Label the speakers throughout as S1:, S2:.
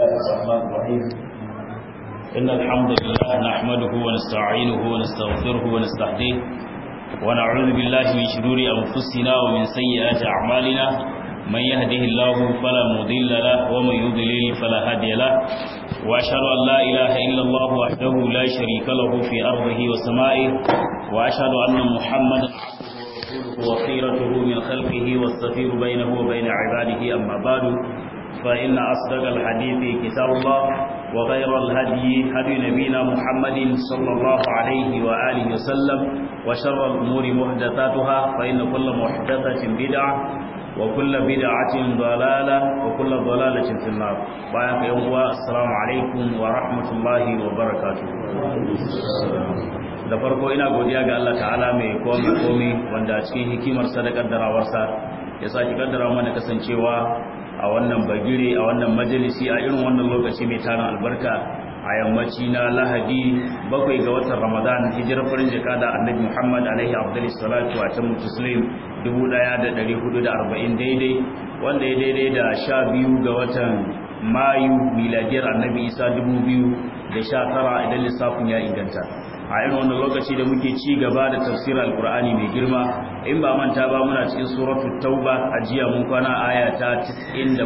S1: الله الرحمن الرحيم إن الحمد لله نحمده ونستعينه ونستغفره ونستهديه ونعوذ بالله من شرور أنفسنا ومن سيئات أعمالنا من يهده الله فلا مضل له ومن يضلل فلا هادي له وأشهد أن لا إله إلا الله وحده لا شريك له في أرضه وسمائه وأشهد أن محمدا وخيرته من خلقه والسفير بينه وبين عباده أما بعد فإن أصدق الحديث كتاب الله وغير الهدي هدي نبينا محمد صلى الله عليه وآله وسلم وشر الأمور محدثاتها فإن كل محدثة بدعة وكل بدعة ضلالة وكل ضلالة في النار بايك يوم السلام عليكم ورحمة الله وبركاته da farko ina godiya ga Allah ta'ala mai komai komai wanda a cikin hikimar sadakar darawarsa ya saki kaddara mana kasancewa a wannan bagire a wannan majalisi a irin wannan lokaci mai tarin albarka a yammaci na lahadi bakwai ga watan ramadan hijirar farin jika da annabi muhammad alaihi abdullahi salatu wa ta mutuslim 1440 daidai wanda ya daidai da sha biyu ga watan mayu miladiyar annabi isa 2019 idan lissafin ya inganta a irin wannan lokaci da muke ci gaba da tafsir alkur'ani mai girma in ba manta ba muna cikin suratul tauba a jiya mun kwana aya ta 97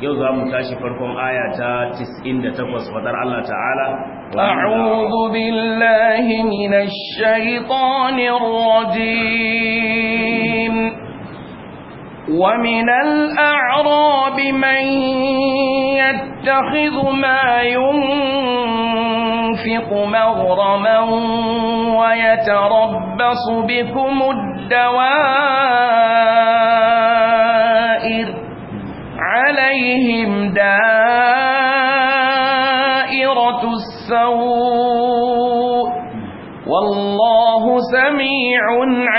S1: yau za mu tashi farkon aya ta 98 fadar Allah ta'ala a'udhu billahi
S2: minash shaitanir rajim ومن الأعراب من يتخذ ما ينفع ينفق مغرما ويتربص بكم الدوائر عليهم دائرة السوء
S1: والله
S2: سميع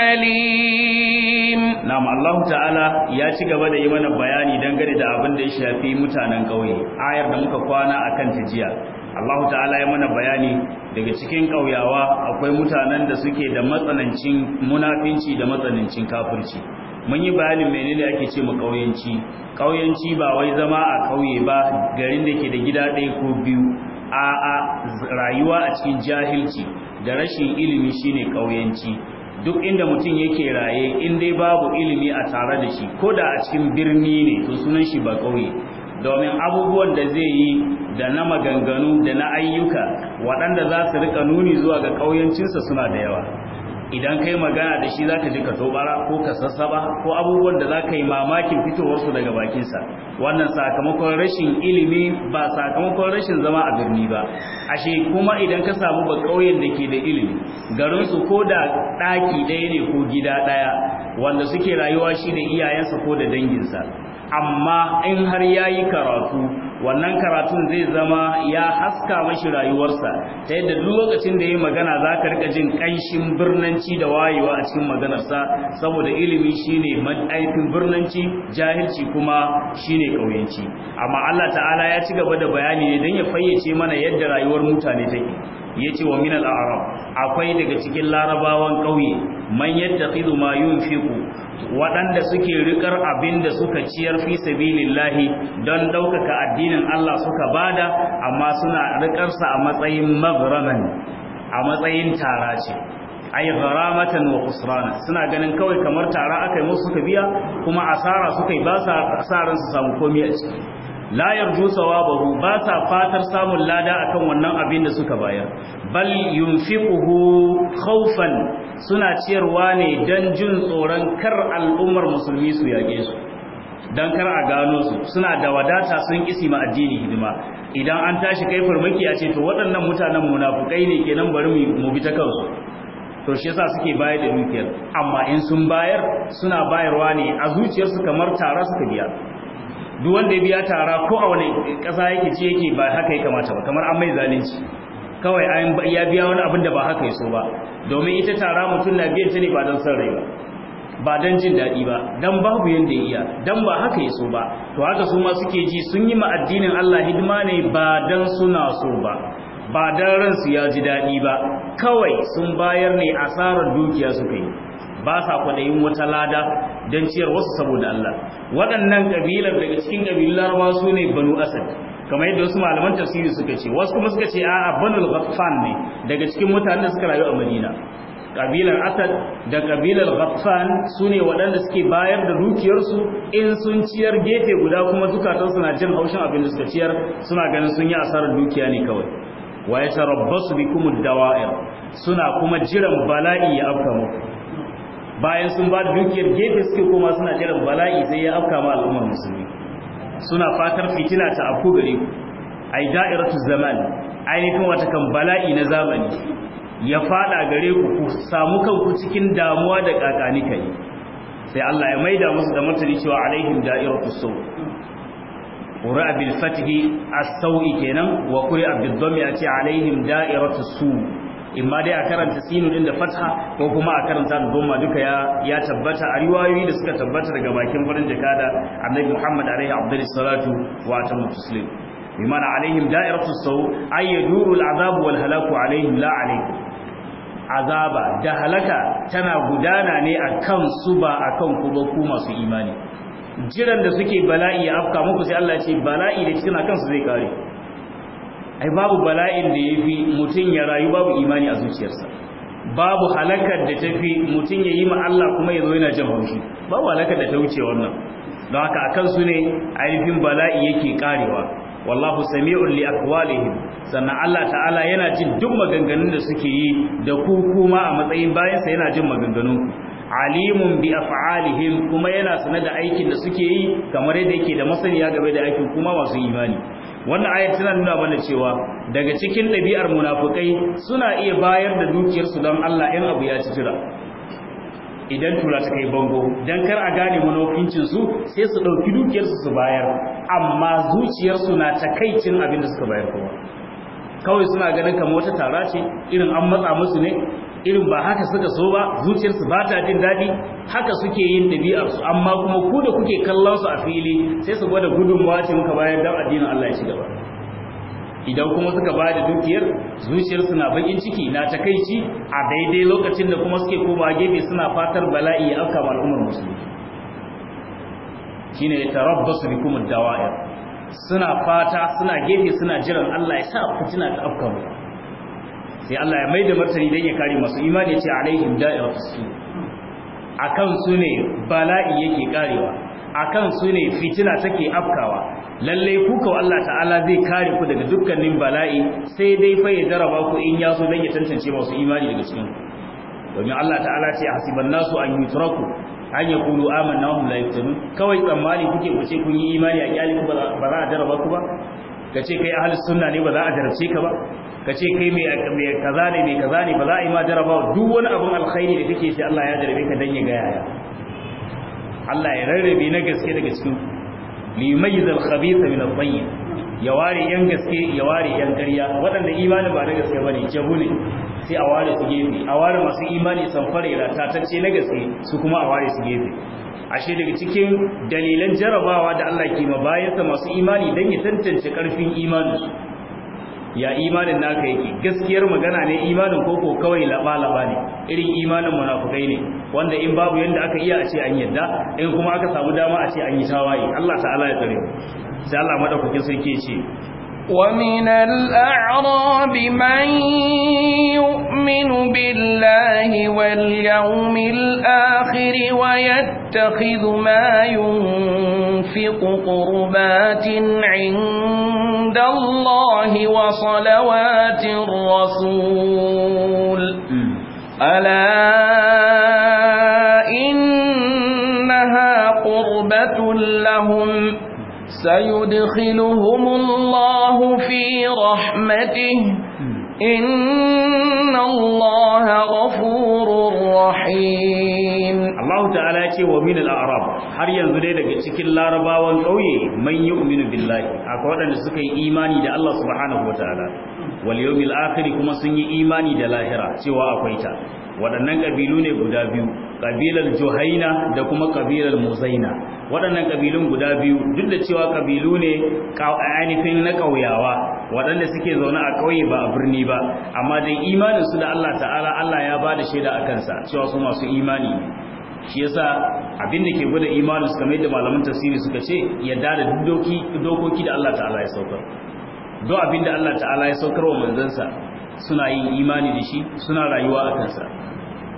S2: عليم
S1: نعم الله تعالى ya ci gaba da yi mana bayani dangane da abin da ya shafi mutanen ƙauye ayar da muka kwana akan ta jiya Allah ta'ala ya mana bayani daga cikin ƙauyawa akwai mutanen da suke da matsanancin munafinci da matsanancin kafirci mun yi bayanin menene ake ce mu ƙauyanci ƙauyenci ba wai zama a ƙauye ba garin da ke da gida ɗaya ko biyu a rayuwa a cikin jahilci da rashin ilimi shine ƙauyanci duk inda mutum yake raye in dai babu ilimi a tare da shi ko da a cikin birni ne to sunan shi ba ƙauye domin abubuwan da zai yi da na maganganu da na ayyuka waɗanda za su rika nuni zuwa ga ƙauyancinsa suna da yawa idan kai magana da shi za ka ji ka tobara ko ka sassaba ko abubuwan da za ka yi mamakin fitowarsu daga bakinsa, wannan sakamakon rashin ilimi ba sakamakon rashin zama a birni ba ashe kuma idan ka samu ba kauyen da ke da ilimi garinsu ko da ɗaki ɗaya ne ko gida ɗaya wanda suke rayuwa shi da iyayensa ko da danginsa amma in har yayi karatu wannan karatun zai zama ya haska mashi rayuwarsa ta yadda duk lokacin da ya yi magana za ka rika jin kanshin birnanci da wayewa a cikin maganarsa saboda ilimi shine madaifin birnanci jahilci kuma shine kauyenci amma Allah ta'ala ya ci gaba da bayani ne dan ya fayyace mana yadda rayuwar mutane take ce wa minal a'rab akwai daga cikin larabawan ƙauye, man yattakhidhu ma yunfiqu waɗanda suke rikar abin da suka ciyar fi sabilillahi don ɗaukaka addinin Allah suka bada amma suna rikarsa a matsayin maghraman a matsayin tara ce ay haramatan wa kusurana suna ganin kawai kamar tara akai musu suka biya kuma asara suka yi ba sa ransu su samu komai a ciki la yarju sawabahu ba sa fatar samun lada akan wannan abin da suka bayar bal yunfiquhu khawfan suna ciyarwa ne don jin tsoron kar al'ummar musulmi su yage su don kar a gano su suna da wadata sun kisi ma addini hidima idan an tashi kai farmaki a ce to waɗannan mutanen munafukai ne kenan bari mu bi ta kansu to shi yasa suke bayar da dukiyar amma in sun bayar suna bayarwa ne a zuciyarsu kamar tara suka biya duk wanda ya biya tara ko a wani ƙasa yake ci yake ba haka ya kamata ba kamar an mai zalunci kawai ya biya wani abin da ba haka ya so ba domin ita tara mutum na biyan ta ne ba don son rai ba ba don jin daɗi ba don babu yadda ya iya don ba haka ya so ba to haka su ma suke ji sun yi ma'addinin Allah hidima ne ba don suna so ba ba don ransu ya ji daɗi ba kawai sun bayar ne asarar dukiya suka yi ba sa kwadayin wata lada don ciyar wasu saboda Allah waɗannan ƙabilar daga cikin ƙabilar wasu ne banu asad kamar yadda wasu malaman tafsiri suka ce wasu kuma suka ce a'a banul ghaffan ne daga cikin mutanen da suka rayu a madina kabilar asad da kabilar ghaffan sune waɗanda suke bayar da dukiyarsu in sun ciyar gefe guda kuma zukatansu na jin haushin abin da suka ciyar suna ganin sun yi asarar dukiya ne kawai wa ya tarabbasu bikum dawa'ir suna kuma jiran bala'i ya afka muku bayan sun ba dukiyar gefe suke kuma suna jiran bala'i sai ya afka ma al'ummar musulmi suna fatar fitina ta afu gare ku ai da'iratu zaman ainihin wata kan bala'i na zamani ya fada gare ku ku samu kanku cikin damuwa da kakani kai sai Allah ya maida musu da martani cewa alaihim da'iratu saw qura bil fatihi as-sawi kenan wa qura bil dhammi ati alaihim da'iratu su' in dai a karanta sinu din da fatha ko kuma a karanta da goma duka ya ya tabbata a riwayoyi da suka tabbata daga bakin farin jakada annabi Muhammad alaihi abdul salatu wa atamu taslim bimana alaihim da'iratu sawu ay yaduru al'azab wal halaku alaihim la alaihim azaba da halaka tana gudana ne akan su ba akan ku ba ku masu imani jiran da suke bala'i ya afka muku sai Allah ya ce bala'i da cikin kansu zai kare ai babu bala'in da yafi mutum ya rayu babu imani a zuciyarsa babu halakar da tafi mutum ya yi ma Allah kuma ya zo yana jin haushi babu halakar da ta wuce wannan don haka akan su ne ainihin bala'i yake karewa wallahu sami'un li aqwalihim sannan Allah ta'ala yana jin duk maganganun da suke yi da ku kuma a matsayin bayan sa yana jin maganganun alimun bi af'alihim kuma yana sanar da aikin da suke yi kamar yadda yake da masaniya game da aikin kuma masu imani wannan ayat tana nuna mana cewa daga cikin ɗabi'ar munafukai suna iya bayar da dukiyarsu don Allah in abu ya ci jira. idan tura ta kai bango don kar a gane su sai su ɗauki dukiyarsu su bayar amma zuciyarsu na takaicin abin da suka bayar kuma kawai suna ganin kamar wata tara ce irin an matsa musu ne irin ba haka suka so ba zuciyarsu ba ta jin daɗi haka suke yin ɗabi'arsu amma kuma ku da kuke kallon su a fili sai su gwada gudunmawa ce muka bayar don addinin Allah ya ci gaba idan kuma suka ba da dukiyar zuciyarsu na bakin ciki na takaici a daidai lokacin da kuma suke koma gefe suna fatar bala'i ya afka al'ummar musulmi shine tarabbasu bikum ad-dawa'ir suna fata suna gefe suna jiran Allah ya sa fitina ta afka mu sai Allah ya mai da martani don ya kare masu imani ce alaihim da'irar su a kan su ne bala'i yake karewa a kan su ne fitina take afkawa lallai kuka Allah ta'ala zai kare ku daga dukkanin bala'i sai dai fa ya jaraba ku in ya so don ya tantance masu imani daga cikin domin Allah ta'ala ce hasiban nasu an yutraku an ya kulu amanna wa hum la yuftanun kawai tsammani kuke ku ce kun yi imani a kyali ku ba za a jaraba ku ba kace kai ahlus sunna ne ba za a jarabce ka ba ka ce kai mai kaza ne mai kaza ne ba za a yi ma jarabawa duk wani abin alkhairi da kake sai Allah ya jarabe ka dan ya ga yaya Allah ya rarrabe na gaske daga cikin limayyiz al-khabitha min at ya ware yan gaske ya ware yan ƙarya waɗanda imani ba na gaske bane jabu ne sai a ware su gefe a ware masu imani samfare da tatacce na gaske su kuma a ware su gefe ashe daga cikin dalilan jarabawa da Allah ke bayansa masu imani dan ya tantance karfin su ya imanin naka yake gaskiyar magana ne imanin koko kawai laba-laba ne irin imanin munafukai ne wanda in babu yadda aka iya a ce an yadda in kuma aka samu dama a ce an yi tawaye Allah ta'ala ya tsare sai Allah madaukakin sarki ce
S2: ومن الأعراب من يؤمن بالله واليوم الآخر ويتخذ ما ينفق قربات عند الله وصلوات الرسول ألا إنها قربة لهم سيدخلهم الله في رحمته إن الله غفور رحيم
S1: الله تعالى ومن الأعراب har yanzu dai daga cikin larabawan ƙauye man yu'minu billahi akwai waɗanda suka yi imani da Allah subhanahu wataala wal yawmil akhir kuma sun yi imani da lahira cewa akwai ta waɗannan ƙabilu ne guda biyu ƙabilar juhaina da kuma ƙabilar muzaina waɗannan ƙabilun guda biyu duk da cewa ƙabilu ne ainihin na ƙauyawa waɗanda suke zaune a ƙauye ba a birni ba amma dai imanin su da Allah ta'ala Allah ya ba da shaida a kansa cewa su masu imani ne shi yasa abin da ke gwada imanin su kamar yadda malaman tasiri suka ce yadda da dokoki da Allah ta'ala ya saukar do abin da Allah ta'ala ya saukar wa manzansa suna yin imani da shi suna rayuwa a kansa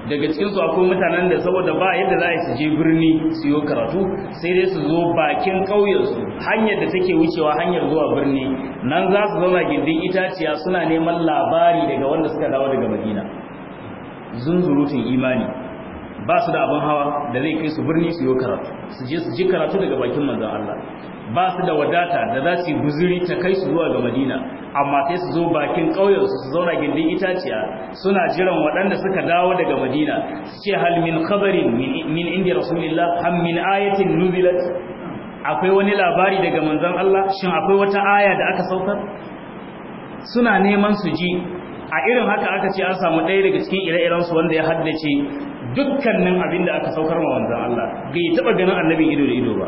S1: daga cikinsu akwai mutanen da saboda ba yadda za a su je birni su yi karatu sai dai su zo bakin ƙauyensu hanyar da take wucewa hanyar zuwa birni nan za su zauna gindin itaciya suna neman labari daga wanda suka dawo daga madina zunzurutun imani ba su da abin hawa da zai kai su birni su yi karatu su je su ji karatu daga bakin manzon Allah ba su da wadata da za su yi guzuri ta kai su zuwa ga madina amma sai su zo bakin ƙauyen su zauna gindin itaciya suna jiran waɗanda suka dawo daga madina ce hal min khabarin min inda rasulillah ham min ayatin nuzilat akwai wani labari daga manzon Allah shin akwai wata aya da aka saukar suna neman su ji a irin haka aka ce an samu ɗaya daga cikin ire-iren su wanda ya haddace dukkanin abin da aka saukar wa manzon Allah bai taɓa ganin annabin ido da ido ba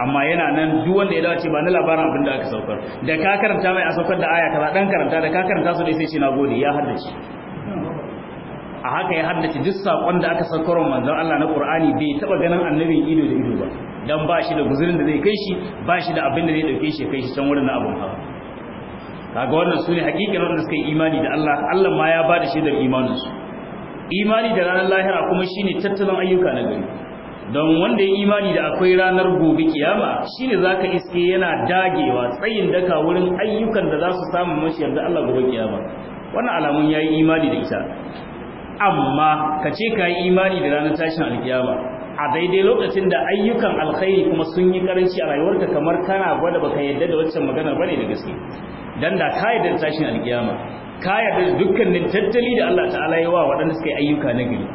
S1: amma yana nan duk wanda ya dace ba na labarin abin da aka saukar da ka karanta mai a saukar da aya kaza dan karanta da ka karanta su dai sai na gode ya haddace a haka ya haddace duk sakon da aka saukar manzon Allah na Qur'ani bai taba ganin annabin ido da ido ba dan ba shi da guzurin da zai kai shi ba shi da abin da zai dauke shi kai shi can wurin na abun hawa kaga wannan sune hakikin wanda suka yi imani da Allah Allah ma ya ba da imanin su imani da ranar lahira kuma shine tattalin ayyuka na gari don wanda ya imani da akwai ranar gobe kiyama shi za ka iske yana dagewa tsayin daka wurin ayyukan da za su samu mashi yanzu Allah gobe kiyama wannan alamun ya yi imani da ita amma ka ce ka yi imani da ranar tashin alkiyama a daidai lokacin da ayyukan alkhairi kuma sun yi karanci a rayuwarka kamar kana gwada baka yadda da waccan maganar bane da gaske dan da ka yadda tashin alkiyama ka yadda dukkanin tattali da Allah ta'ala ya wa waɗanda suka yi ayyuka na gari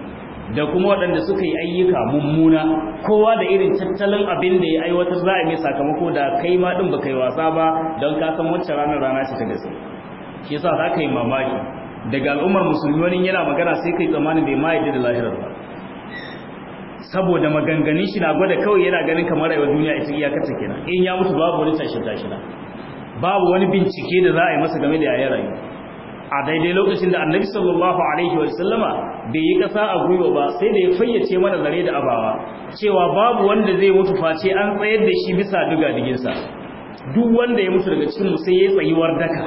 S1: da kuma waɗanda suka yi ayyuka mummuna kowa da irin tattalin abin da ya aiwatar za a mai sakamako da kai ma ɗin ba kai wasa ba don ka san wacce ranar rana ce ta gaske shi yasa za ka yi mamaki daga al'ummar musulmi wani yana magana sai kai tsammani bai ma yadda da lahirar ba saboda maganganun shi na gwada kawai yana ganin kamar rayuwar duniya ita iyakarta kenan in ya mutu babu wani tashin tashina babu wani bincike da za a yi masa game da yayar rayu. a daidai lokacin da annabi sallallahu alaihi wa sallama bai yi kasa a gwiwa ba sai da ya fayyace mana zare da abawa cewa babu wanda zai mutu face an tsayar da shi bisa duga diginsa duk wanda ya mutu daga cikin mu sai ya tsayuwar daka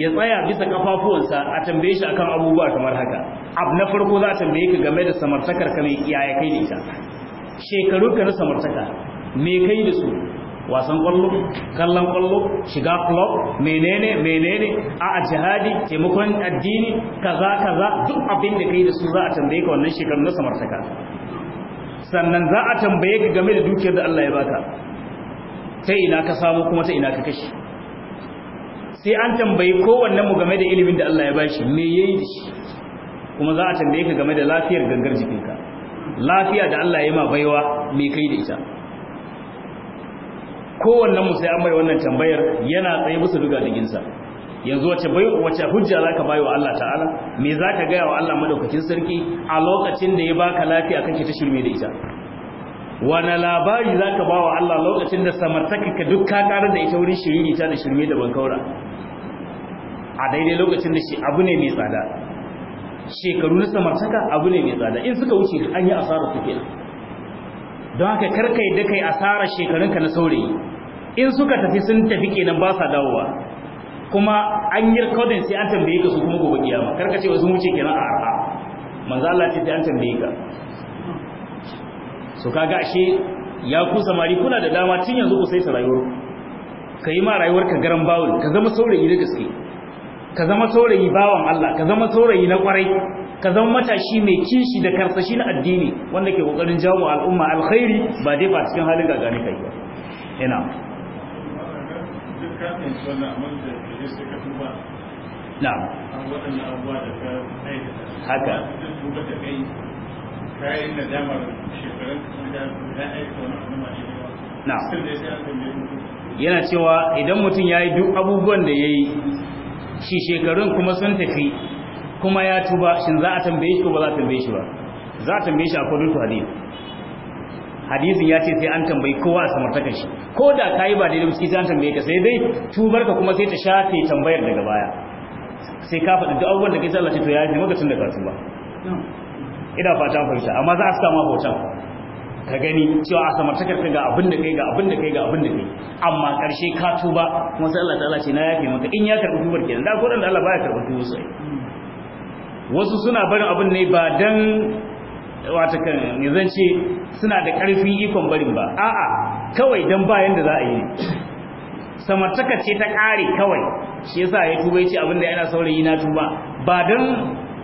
S1: ya tsaya bisa kafafuwansa a tambaye shi akan abubuwa kamar haka Ab na farko za a tambaye ka game da samartakar ka mai iyaye kai da ita shekaru ka na samartaka me kai da su wasan kwallo kallon kwallo shiga club menene menene a a jihadi taimakon addini kaza kaza duk abin da kai da su za a tambaye ka wannan shekaru na samartaka sannan za a tambaye ka game da dukiyar da Allah ya baka ta ina ka samu kuma ta ina ka kashi sai an tambayi wannan mu game da ilimin da Allah ya bashi me yayi da shi kuma za a tambaye ka game da lafiyar gangar jikinka lafiya da Allah ya ma baiwa me kai da ita kowannen mu sai an mai wannan tambayar yana tsaye musu duga diginsa yanzu wace bai wace hujja zaka bai wa Allah ta'ala me zaka ga wa Allah madaukakin sarki a lokacin da ya baka lafiya kake ta shirme da ita wani labari za ka ba wa Allah lokacin da samartaka ka duk ka karar da ita wurin shiriri ta da shirme da bankaura a daidai lokacin da shi abu ne mai tsada shekaru na samartaka abu ne mai tsada in suka wuce an yi asarar su kenan don haka karkai da kai asarar shekarunka na saurayi in suka tafi sun tafi kenan ba sa dawowa kuma an yi rikodin sai an tambaye ka su kuma gobe kiyama karka ce wasu wuce kenan a arha manzo Allah ce sai an tambaye ka so kaga ashe ya ku samari kuna da dama tun yanzu ku sai ta rayuwar ka yi ma rayuwar ka garan bawul ka zama saurayi da gaske ka zama saurayi bawan Allah ka zama saurayi na kwarai ka zama matashi mai kishi da karsashi na addini wanda ke kokarin jawo al'umma alkhairi ba dai ba cikin halin gagani kai ba ina haka yana cewa idan mutum ya yi duk abubuwan da ya yi shi shekarun kuma sun tafi kuma ya tuba shin za a tambaye shi ko ba za a tambaye shi ba za a tambaye shi a kodin to hadisi hadisin ya ce sai an tambayi kowa a samartakar shi ko da ka yi ba daidai ciki sai an tambaye ka sai dai tubar ka kuma sai ta shafe tambayar daga baya sai ka faɗi duk abubuwan da kai Allah to ya yi maka tun da ka tuba ina fata fahimta amma za a ma hoton ka gani cewa a samartakar ka ga abin da kai ga abin da kai ga abin da kai amma karshe ka tuba kuma sai Allah ta'ala ce na yafe maka in ya karɓi tubar kenan da ko da Allah baya karɓi tubar sai wasu suna barin abin ne ba dan wata kan suna da ƙarfin ikon barin ba a'a kawai don bayan da za a yi samartaka ce ta ƙare kawai shi yasa ya tuba ya ce abin da yana saurayi na tuba ba dan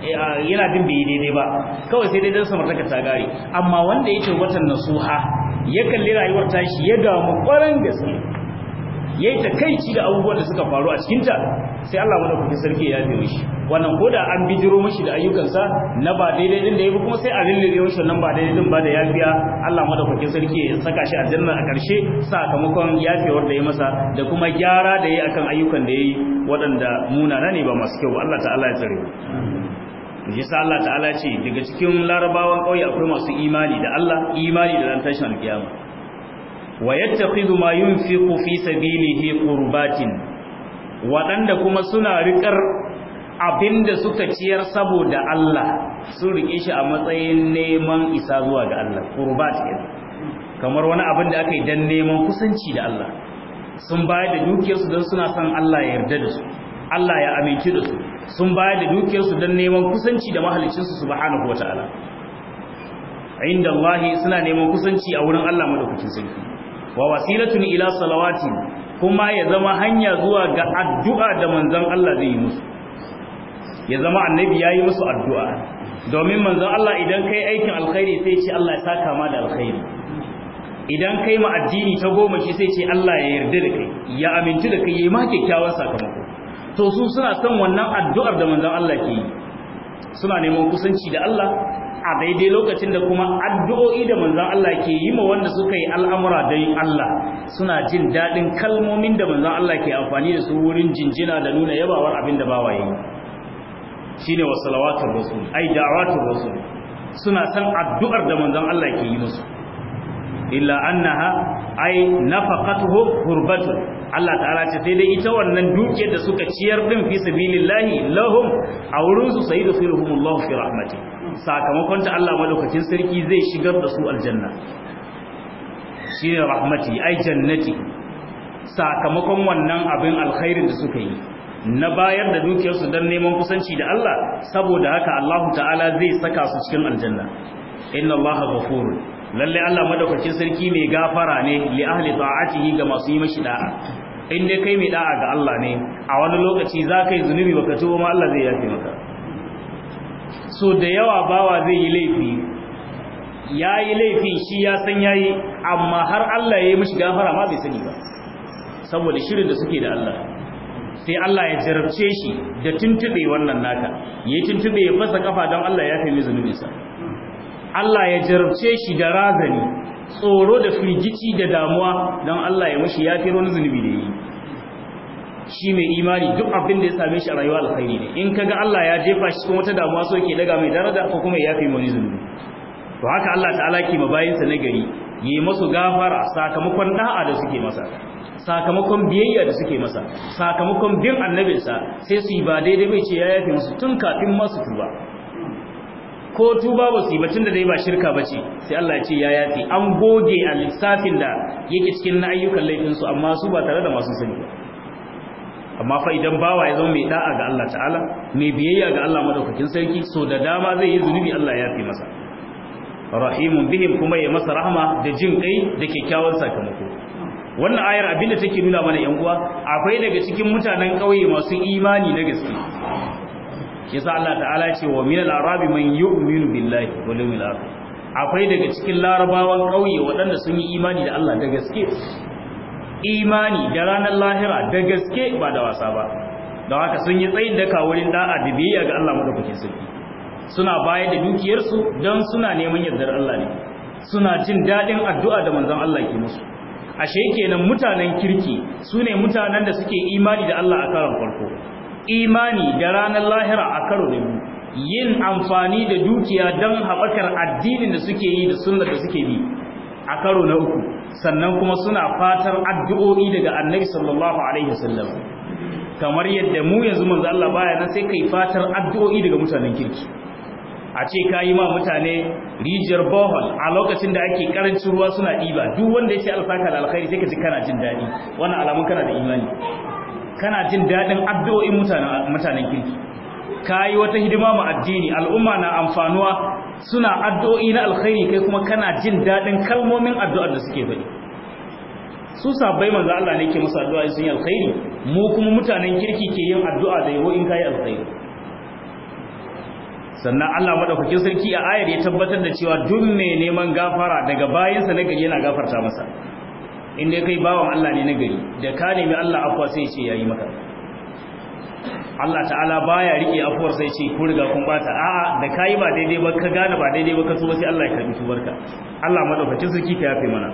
S1: eh, yana din bai daidai ba kawai sai dai dan samartaka ta ƙare amma wanda ya ce watan nasuha ya kalli rayuwar tashi ya damu kwaran gaske yayi takeici da abubuwan da suka faru a cikin ta sai Allah kuke sarki ya yafe mishi wannan koda an bijiro mishi da ayyukansa na ba daidai din da yayi kuma sai a rille mishi nan ba daidai din ba da yafiya Allah kuke sarki ya saka shi aljanna a karshe sakamakon yafewar da ya masa da kuma gyara da yayi akan ayyukan da yayi waɗanda na ne ba masu kyau Allah ta'ala ya tsare yasa Allah ta'ala ce daga cikin larabawan ƙauye akwai masu imani da Allah imani da ran tashin alkiyama wa yattakhidhu ma yunfiqu fi sabilihi qurbatin waɗanda kuma suna riƙar abinda suka ciyar saboda Allah sun riƙe shi a matsayin neman isa zuwa ga Allah qurbat kamar wani abin da aka yi dan neman kusanci da Allah sun bayar da dukiyarsu don suna son Allah ya yarda da su Allah ya aminci da su sun bayar da dukiyarsu don neman kusanci da su subhanahu wataala inda Allah suna neman kusanci a wurin Allah madaukakin sarki wa wasilatun ila salawati kuma ya zama hanya zuwa ga addu'a da manzon Allah zai yi musu ya zama annabi yayi musu addu'a domin manzon Allah idan kai aikin alkhairi sai ce Allah ya saka ma da alkhairi idan kai ma addini ta goma shi sai ce Allah ya yarda da kai ya aminci da kai yayi ma kyakkyawan sakamako to su suna son wannan addu'ar da manzon Allah ke yi suna neman kusanci da Allah a daidai lokacin da kuma addu'o'i da manzan Allah ke yi ma wanda suka yi al'amura don Allah suna jin daɗin kalmomin da manzan Allah ke amfani da su wurin jinjina da nuna yabawar abin da Shi ne wasu salawatul wasu, ai da'awatar wasu. suna san addu'ar da manzan Allah ke yi musu illa annaha ai nafaqatuhu hurbatun Allah ta'ala ce sai dai ita wannan dukiyar da suka ciyar din fi sabilillahi lahum a wurin su sayyidu firhumullahu fi rahmatihi sakamakon ta Allah madaukakin sarki zai shigar da su aljanna shi ne rahmati ai jannati sakamakon wannan abin alkhairin da suka yi na bayar da dukiyarsu don neman kusanci da Allah saboda haka Allah ta'ala zai saka su cikin aljanna inna Allah ghafur lalle Allah madaukakin sarki mai gafara ne li ahli ta'atihi ga masu yi mashi da'a in dai kai mai da'a ga Allah ne a wani lokaci za ka yi zunubi baka tuba ma Allah zai yafe maka so da yawa bawa zai yi laifi ya yi laifi shi ya san ya yi amma har Allah ya yi mashi gafara ma bai sani ba saboda shirin da suke da Allah sai Allah ya jarabce shi da tuntube wannan naka ya yi tuntube ya fasa kafa don Allah ya fi zunubinsa Allah ya jarabce shi da razani tsoro da firgici da damuwa don Allah ya mashi ya fi wani zunubi da yi shi mai imani duk abin da ya same shi a rayuwa alkhairi ne in kaga Allah ya jefa shi cikin wata damuwa so yake daga mai daraja ko kuma yafi yafe wani zunubi to haka Allah ta'ala ke mabayin sa gari yi masu gafara sakamakon da'a da suke masa sakamakon biyayya da suke masa sakamakon bin annabinsa sai su yi ba daidai bai ce ya yafi musu tun kafin masu tuba ko tuba ba su yi batun da dai ba shirka ba ce sai Allah ya ce ya yafi an goge a lissafin da yake cikin na ayyukan laifinsu amma su ba tare da masu sani ba amma fa idan bawa ya zama mai da'a ga Allah ta'ala mai biyayya ga Allah madaukakin sarki so da dama zai yi zunubi Allah ya fi masa rahimun bihim kuma ya masa rahma da jin kai da kyakkyawan sakamako wannan ayar abinda take nuna mana yan uwa akwai daga cikin mutanen kauye masu imani na gaske yasa Allah ta'ala ce wa minal arabi man yu'minu billahi wal yawmil akhir akwai daga cikin larabawan ƙauye waɗanda sun yi imani da Allah da gaske imani da ranar lahira da gaske ba da wasa ba don haka sun yi tsayin daka wurin da'a da biyayya ga Allah madaukakin sarki suna bayar da dukiyarsu don suna neman yardar Allah ne suna jin daɗin addu'a da manzon Allah ke musu ashe kenan mutanen kirki su ne mutanen da suke imani da Allah a karon farko imani da ranar lahira a karo ne yin amfani da dukiya don haɓakar addinin da suke yi da sunnar da suke bi a karo na uku sannan kuma suna fatar addu'o'i daga annabi sallallahu alaihi wasallam kamar yadda mu yanzu manzo Allah baya na sai ka yi fatar addu'o'i daga mutanen kirki a ce kayi ma mutane rijiyar bohol a lokacin da ake karancin ruwa suna ɗiba duk wanda yake alfaka da alkhairi sai ka ji kana jin daɗi wannan alamun kana da imani kana jin daɗin addu'o'in mutanen kirki kayi wata hidima ma addini al'umma na amfanuwa suna addu'o'i na alkhairi kai kuma kana jin daɗin kalmomin addu'ar da suke faɗi su sabbai manzo Allah ne ke musu addu'a sun yi alkhairi mu kuma mutanen kirki ke yin addu'a da yawo in kayi alkhairi sannan Allah maɗaukakin sarki a ayar ya tabbatar da cewa duk mai neman gafara daga bayansa na gari yana gafarta masa inda ya kai bawan Allah ne na gari da ka nemi Allah afwa sai ya ce yayi maka Allah ta'ala baya rike afuwar sai ce ku riga kun bata a'a da kai ba daidai ba ka gane ba daidai ba ka so sai Allah ya karbi tubarka Allah madaukakin sarki ka yafe mana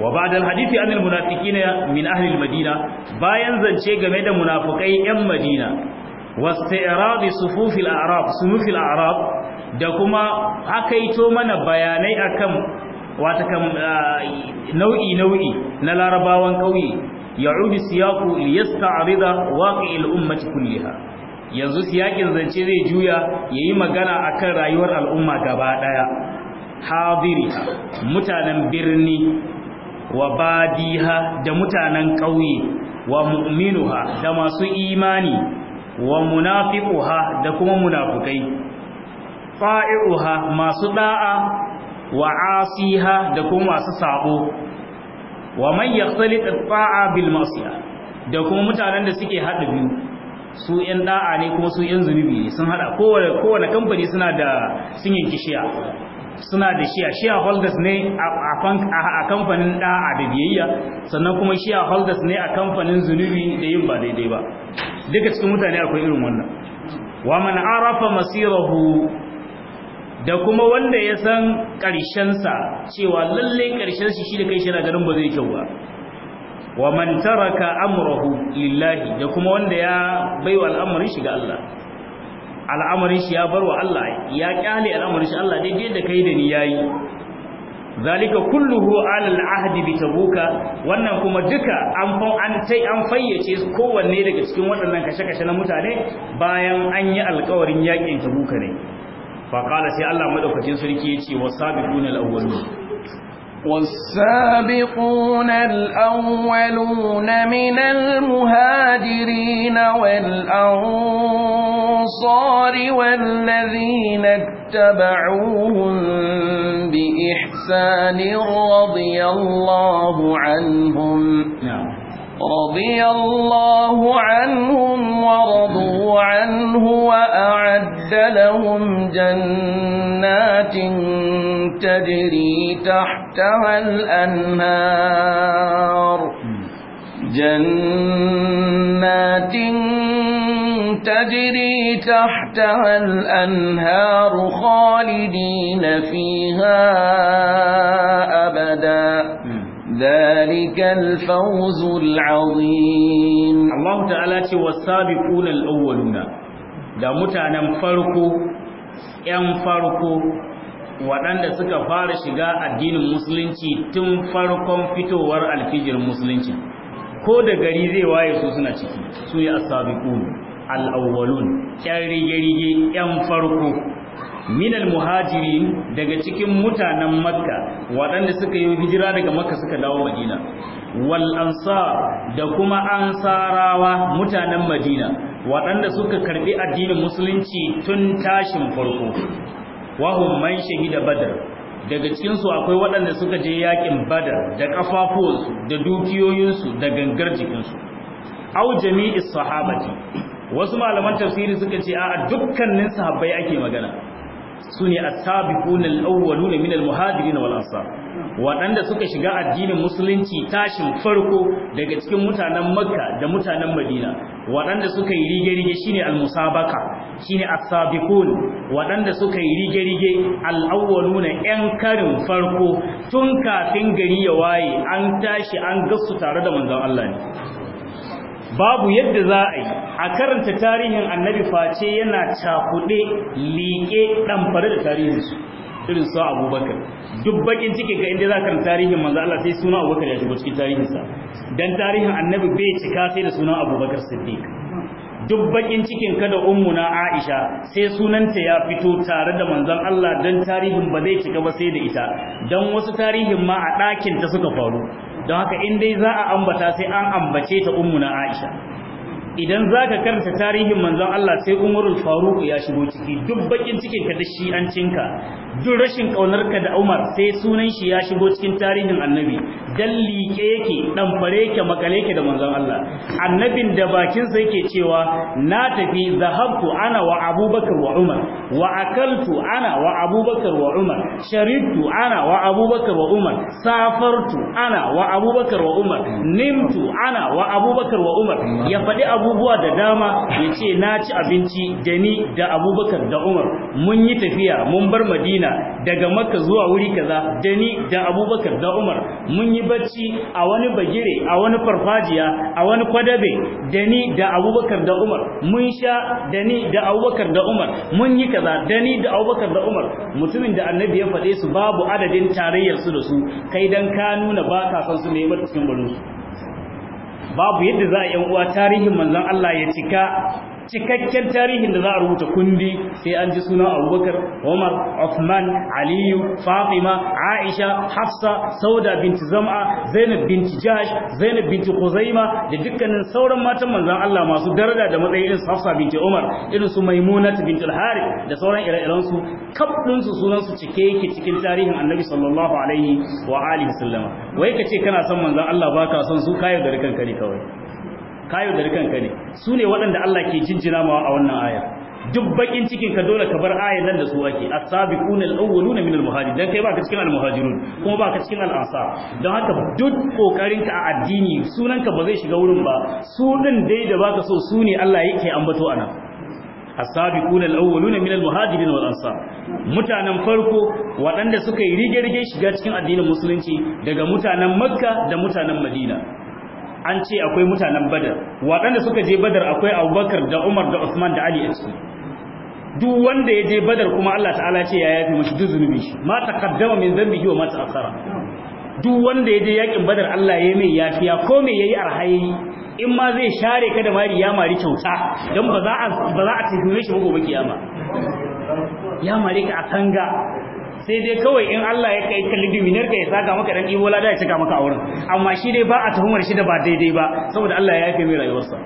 S1: wa ba'da al-hadisi anil munafiqina min ahli al-madina bayan zance game da munafikai yan madina واستعراض صفوف الاعراب صفوف Arab da kuma akaito mana bayanai akan wata kam nau'i nau'i na larabawan kauye ya'udu siyaqu liyasta'rida waqi'il ummati kulliha yanzu siyakin zance zai juya yayi magana akan rayuwar al'umma gaba daya hadiriha mutanen birni wa badiha da mutanen ƙauye wa mu'minuha da masu imani wa munafiquha da kuma munafukai fa'iruha masu da'a wa asiha da kuma masu sabo wa man yaxtalit ta'a bil ma'siyah da kuma mutanen da suke hada biyu su yan da'a ne kuma su yan zunubi ne sun hada kowane kowane kamfani suna da sunyin kishiya suna da shiya shiya holders ne a kamfanin da'a da biyayya sannan kuma shiya holders ne a kamfanin zunubi da yin ba daidai ba duka cikin mutane akwai irin wannan wa man arafa masirahu da kuma wanda ya san ƙarshensa cewa lallai ƙarshen shi shi da kai shi yana ganin ba zai kyau ba wa man taraka amruhu lillahi da kuma wanda ya baiwa al'amarin shi ga Allah al'amarin shi ya barwa Allah ya kyale al'amarin shi Allah daidai da kai da ni yayi zalika kulluhu ala al'ahdi bi tabuka wannan kuma duka an fa an tai an fayyace kowanne daga cikin waɗannan kashe-kashe na mutane bayan an yi alƙawarin yakin tabuka ne فقال سي الله مدوكتين سركي يتي والسابقون الأولون
S2: والسابقون الأولون من المهاجرين والأنصار والذين اتبعوهم بإحسان رضي الله عنهم نعم رضي الله عنهم ورضوا عنه وأعد لهم جنات تجري تحتها الأنهار جنات تجري تحتها الأنهار خالدين فيها
S1: أبداً ذلك الفوز العظيم الله تعالى ce wasabiquna alawwaluna da mutanen farko ƴan farko waɗanda suka fara shiga addinin musulunci tun farkon fitowar alfijir musulunci ko da gari zai waye su suna ciki su yi asabiqun alawwalun yan rige-rige yan farko minal muhajirin daga cikin mutanen makka waɗanda suka yi hijira daga makka suka dawo madina wal ansar da kuma ansarawa mutanen madina waɗanda suka karɓi addinin musulunci tun tashin farko wahum man shahida badar daga cikinsu akwai waɗanda suka je yakin badar da ƙafafuwansu da dukiyoyinsu da gangar jikinsu au jami'is sahabati wasu malaman tafsiri suka ce a dukkanin sahabbai ake magana sune as a al-awwaluna min al muhajiri na walasa waɗanda suka shiga addinin musulunci tashin farko daga cikin mutanen makka da mutanen madina waɗanda suka yi rige-rige shine al-musabaka shine asabikun waɗanda suka yi rige-rige al na yan karin farko tun kafin gari ya waye an tashi an gasu tare da manzon Allah ne babu yadda za a yi a karanta tarihin annabi face yana cakuɗe liƙe fara da tarihinsu irin su abubakar duk bakin ciki ga inda za ka tarihin manzo Allah sai sunan abubakar ya shigo cikin tarihinsa dan tarihin annabi bai cika sai da sunan abubakar siddiq duk bakin cikin ka da ummuna aisha sai sunanta ya fito tare da manzon Allah dan tarihin ba zai cika ba sai da ita dan wasu tarihin ma a ɗakin ta suka faru don haka in dai za a ambata sai an ambace ta ummuna Aisha idan za ka karanta tarihin manzon Allah sai Umarul Faruq ya shigo ciki duk bakin cikin ka da shi an cinka duk rashin ƙaunarka da Umar sai sunan shi ya shigo cikin tarihin annabi dan liƙe yake dan fare yake makale yake da manzon Allah annabin da bakin sa yake cewa na tafi zahabtu ana wa Abubakar wa Umar wa akaltu ana wa Abubakar wa Umar sharibtu ana wa Abubakar wa Umar safartu ana wa Abubakar wa Umar nimtu ana wa Abubakar wa Umar ya faɗi abubuwa da dama ya ce na ci abinci da ni da Abubakar da Umar mun yi tafiya mun bar Madina madina daga makka zuwa wuri kaza da ni da abubakar da umar mun yi bacci a wani bagire a wani farfajiya a wani kwadabe da ni da abubakar da umar mun sha da ni da abubakar da umar mun yi kaza da ni da abubakar da umar mutumin da annabi ya faɗe su babu adadin tarayyar su da su kai dan ka nuna ba ka san su ne ba cikin babu yadda za a yan uwa tarihin manzon Allah ya cika cikakken tarihin da za a rubuta kundi sai an ji sunan abubakar umar Uthman, aliyu fatima aisha hafsa sauda binti zam'a zainab binti jash zainab binti kuzaima da dukkanin sauran matan manzan allah masu daraja da matsayi irin hafsa binti umar irin su maimunat binti da sauran ire-iren su sunan su cike yake cikin tarihin annabi sallallahu alaihi wa alihi sallama wai ce kana son manzan allah baka son su kayar da kanka ne kawai ka da ka ne su ne waɗanda Allah ke jinjina mawa a wannan aya duk bakin cikin ka dole ka bar aya nan da su ake as-sabiqun al-awwaluna min al-muhajirin dan kai ba ka cikin al-muhajirun kuma ba ka cikin al-ansar don haka duk kokarin ka a addini sunan ka ba zai shiga wurin ba su din dai da baka so su ne Allah yake ambato anan as-sabiqun al-awwaluna min al-muhajirin wal ansar mutanen farko waɗanda suka yi rige-rige shiga cikin addinin musulunci daga mutanen makka da mutanen madina an ce akwai mutanen badar waɗanda suka je badar akwai abubakar da umar da usman da ali a ciki duk wanda ya je badar kuma allah ta'ala ce ya yafi masu duk zunubi shi ma taqaddama zan dhanbihi wa masu asara. duk wanda ya je yakin badar allah ya mai yafiya ko ya yayi arhayi in ma zai share ka da mari ya mari kyauta don ba za a tafi mai shi ba gobe kiyama ya mari ka a kanga sai dai kawai in Allah ya kai kalli diwinar ka ya saka maka dan ibola da ya cika maka auren amma shi dai ba a tuhumar shi da ba daidai ba saboda Allah ya yafe mai rayuwarsa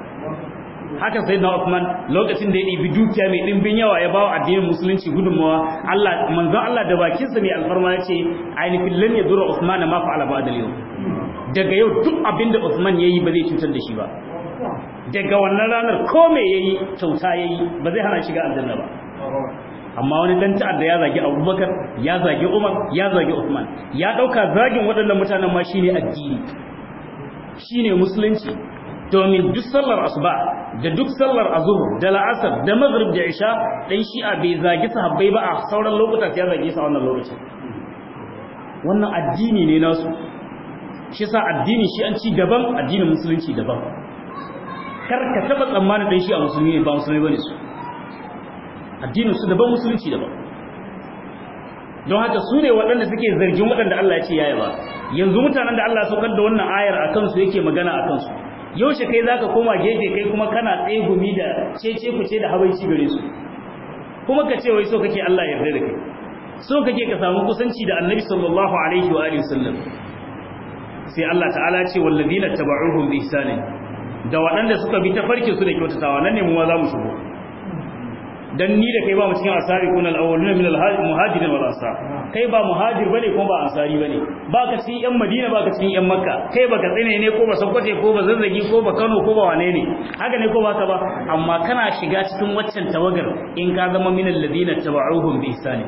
S1: haka sai na Uthman lokacin da ya ɗibi dukiya mai ɗimbin yawa ya bawa addinin musulunci gudunmawa Allah manzon Allah da bakin sa mai alfarma ya ce ainihin lan ya dura Uthman ma fa'ala ba yau daga yau duk abin da Uthman yayi ba zai cutar da shi ba daga wannan ranar ko me yayi kyauta yayi ba zai hana shiga aljanna ba amma wani dan ta'adda ya zagi Abubakar ya zagi Umar ya zagi Uthman ya dauka zagin waɗannan mutanen ma shine addini shine musulunci domin duk sallar asuba da duk sallar azhur da la'asar da maghrib da isha dan shi'a bai zagi sahabbai ba a sauran lokuta sai ya zagi sa wannan lokacin wannan addini ne nasu shi sa addini shi an ci daban addinin musulunci daban kar ka taba tsammanin dan shi a musulmi ne ba musulmi bane su addinin su daban musulunci daban don haka su ne waɗanda suke zargin waɗanda Allah ya ce yayi ba yanzu mutanen da Allah saukar da wannan ayar a kansu yake magana a kansu yaushe kai zaka koma gefe kai kuma kana tsaye gumi da cece ce da habaici gare su kuma ka ce wai so kake Allah ya yarda da kai so kake ka samu kusanci da Annabi sallallahu alaihi wa alihi wasallam sai Allah ta'ala ce wallazina taba'uhum bi ihsanin da waɗanda suka bi ta farke su da kyautatawa nan ne mu ma za mu shigo dan ni da kai ba mu cikin asari kunal awwaluna min al-muhajirin wal ansar kai ba muhajir bane kuma ba ansari bane ka cikin yan madina ka cikin yan makka kai baka tsine ne ko ba sokote ko ba zanzagi ko ba kano ko ba wane ne haka ne ko ba ka ba amma kana shiga cikin waccan tawagar in ka zama min alladhina tabauhum bi ihsani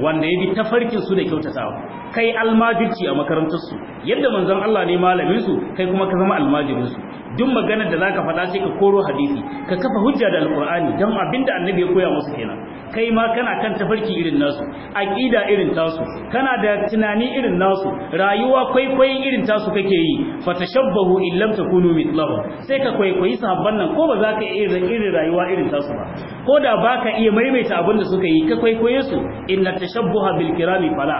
S1: wanda ya bi tafarkin su da kyautatawa kai almajirci a makarantar su yadda manzon Allah ne malamin su kai kuma ka zama almajirin su duk maganar da zaka faɗa sai ka koro hadisi ka kafa hujja da alqur'ani dan abinda annabi ya koya musu kenan kai ma kana kan tafarki irin nasu aqida irin tasu kana da tunani irin nasu rayuwa kwaikwayo irin tasu kake yi fatashabbahu in lam takunu mithlahum sai ka kwaikwayi sahabban nan ko ba za ka iya irin rayuwa irin tasu ba ko da baka iya maimaita abin da suka yi ka kwaikwaye su inna tashabbaha bil kirami fala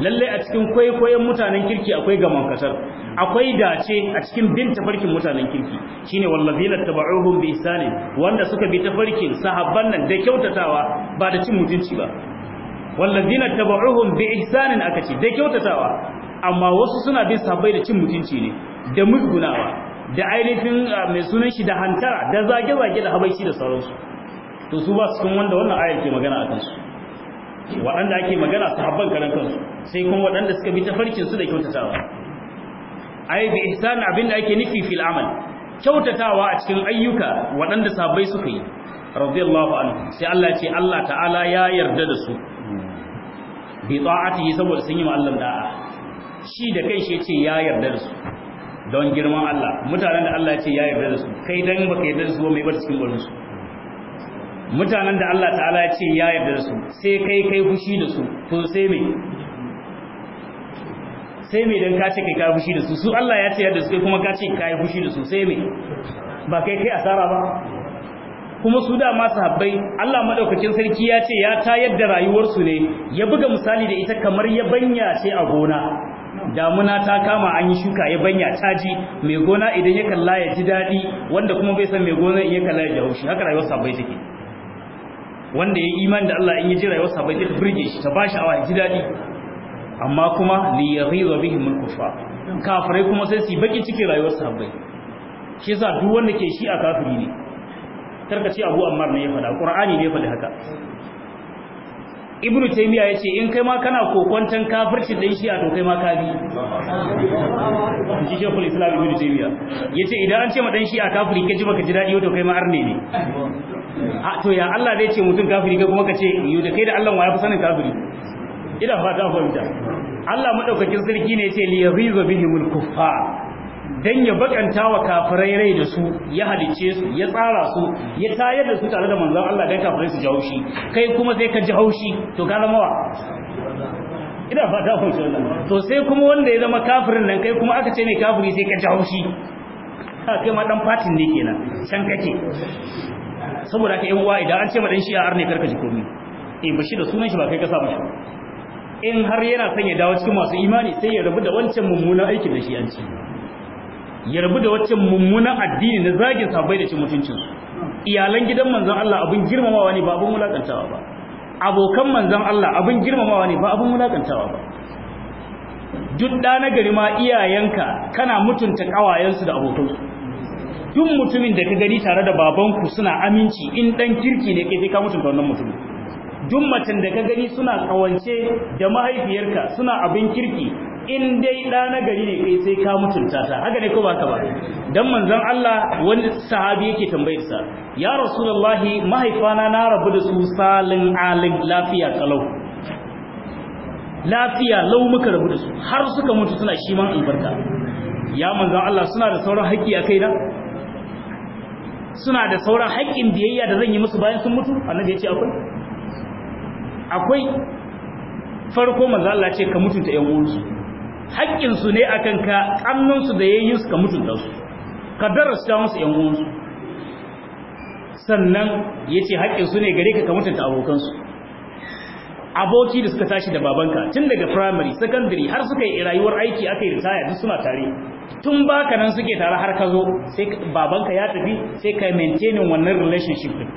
S1: lalle a cikin kwaikwayon mutanen kirki akwai gaman kasar akwai dace a cikin bin tafarkin mutanen kirki shine wallazina tabauhum bi isanin wanda suka bi tafarkin sahabban nan da kyautatawa ba da cin mutunci ba wallazina tabauhum bi ihsanin akace da kyautatawa amma wasu suna bin sahabbai da cin mutunci ne da musgunawa da ainihin ah, mai sunan shi da hantara da zage-zage da habaici da sauransu to su ba su kun wanda wannan ayar ke magana a kansu waɗanda ake magana sahabban karan kansu sai kuma waɗanda suka bi tafarkin su da kyautatawa ai bi ihsan abin da ake nufi fil amal kyautatawa a cikin ayyuka waɗanda sabai suka yi radiyallahu anhu sai Allah ce Allah ta'ala ya yarda da su bi ta'atihi saboda sun yi ma Allah da'a shi da kai shi ce ya yarda da su don girman Allah mutanen da Allah ce ya yarda da su kai dan baka yarda da su ba mai bar cikin gurin su mutanen da Allah ta'ala ya ce ya yarda da su sai kai kai fushi da su to sai me sai me dan ka ce kai fushi da su su Allah ya ce yadda su kai kuma ka ce kai fushi da su sai mai ba kai kai asara ba kuma su da masu habbai Allah madaukakin sarki ya ce ya yadda rayuwar rayuwarsu ne ya buga misali da ita kamar yabanya ce a gona damuna ta kama an yi shuka yabanya ta ji mai gona idan ya kalla ya ji daɗi wanda kuma bai san mai gona in ya kalla ya jawo shi, haka rayuwar sabai take wanda ya iman da Allah in ya ji rayuwar sabbai ta burge shi ta bashi awa ji daɗi amma kuma li yaghiza bihim al-kuffar kafirai kuma sai su baki cikin rayuwar sahabbai shi yasa duk wanda ke shi a kafiri ne ce Abu Ammar ne ya faɗa Qur'ani ne ya faɗi haka ibnu Taymiya yace in kai ma kana kokwantan kafirci dan shi a to kai ma ka bi shi kullu Islam ibnu Taymiya yace idan an ce ma dan shi a kafiri kaji baka ji dadi to kai ma arne ne a to ya Allah zai ce mutum kafiri kai kuma ka ce yau da kai da Allah wa ya fi sanin kafiri ina fata fahimta Allah madaukakin sarki ne ce li yazizu bihimul kuffar dan ya bakanta wa kafirai rai da su ya halice su ya tsara su ya tayar da su tare da manzon Allah dan kafirai su ji haushi kai kuma sai ka ji haushi to ka zama wa ina fata fahimta to sai kuma wanda ya zama kafirin nan kai kuma aka ce ne kafiri sai ka ji haushi kai ma dan fatin ne kenan san kake saboda ka yi uwa idan an ce ma dan shi'a arne karka ji komai eh bashi da sunan shi ba kai ka sa shi. in har yana son ya dawo cikin masu imani sai ya rabu da wancan mummunan aikin da shi an ci ya rabu da wancan mummunan addini na zagin sabai da cin mutuncinsu iyalan gidan manzon Allah abin girmamawa ne ba abin mulakantawa ba abokan manzon Allah abin girmamawa ne ba abin mulakantawa ba duk da na gari ma iyayenka kana mutunta kawayensu da abokansu duk mutumin da ka gani tare da babanku suna aminci in dan kirki ne kai sai ka mutunta wannan mutumin duk macen da ka gani suna kawance da mahaifiyarka suna abin kirki in dai ɗa na gari ne kai sai ka mutunta ta haka ne ko ba ka ba dan manzon Allah wani sahabi yake tambayar sa ya rasulullahi mahaifana na rabu da su salin alin lafiya kalau lafiya lau muka rabu da su har suka mutu suna man albarka ya manzon Allah suna da sauran haƙƙi a na? suna da sauran haƙƙin biyayya da zan yi musu bayan sun mutu annabi ya ce akwai akwai farko manzo Allah ce ka mutunta ƴan uwansu haƙƙin su ne akan ka kannun su da yayin su ka mutunta su ka darasta musu ƴan uwansu sannan yace haƙƙin su ne gare ka ka mutunta abokan su aboki da suka tashi da babanka tun daga primary secondary har suka yi rayuwar aiki aka yi ritaya duk suna tare tun baka nan suke tare har ka zo sai babanka ya tafi sai ka maintaining wannan relationship din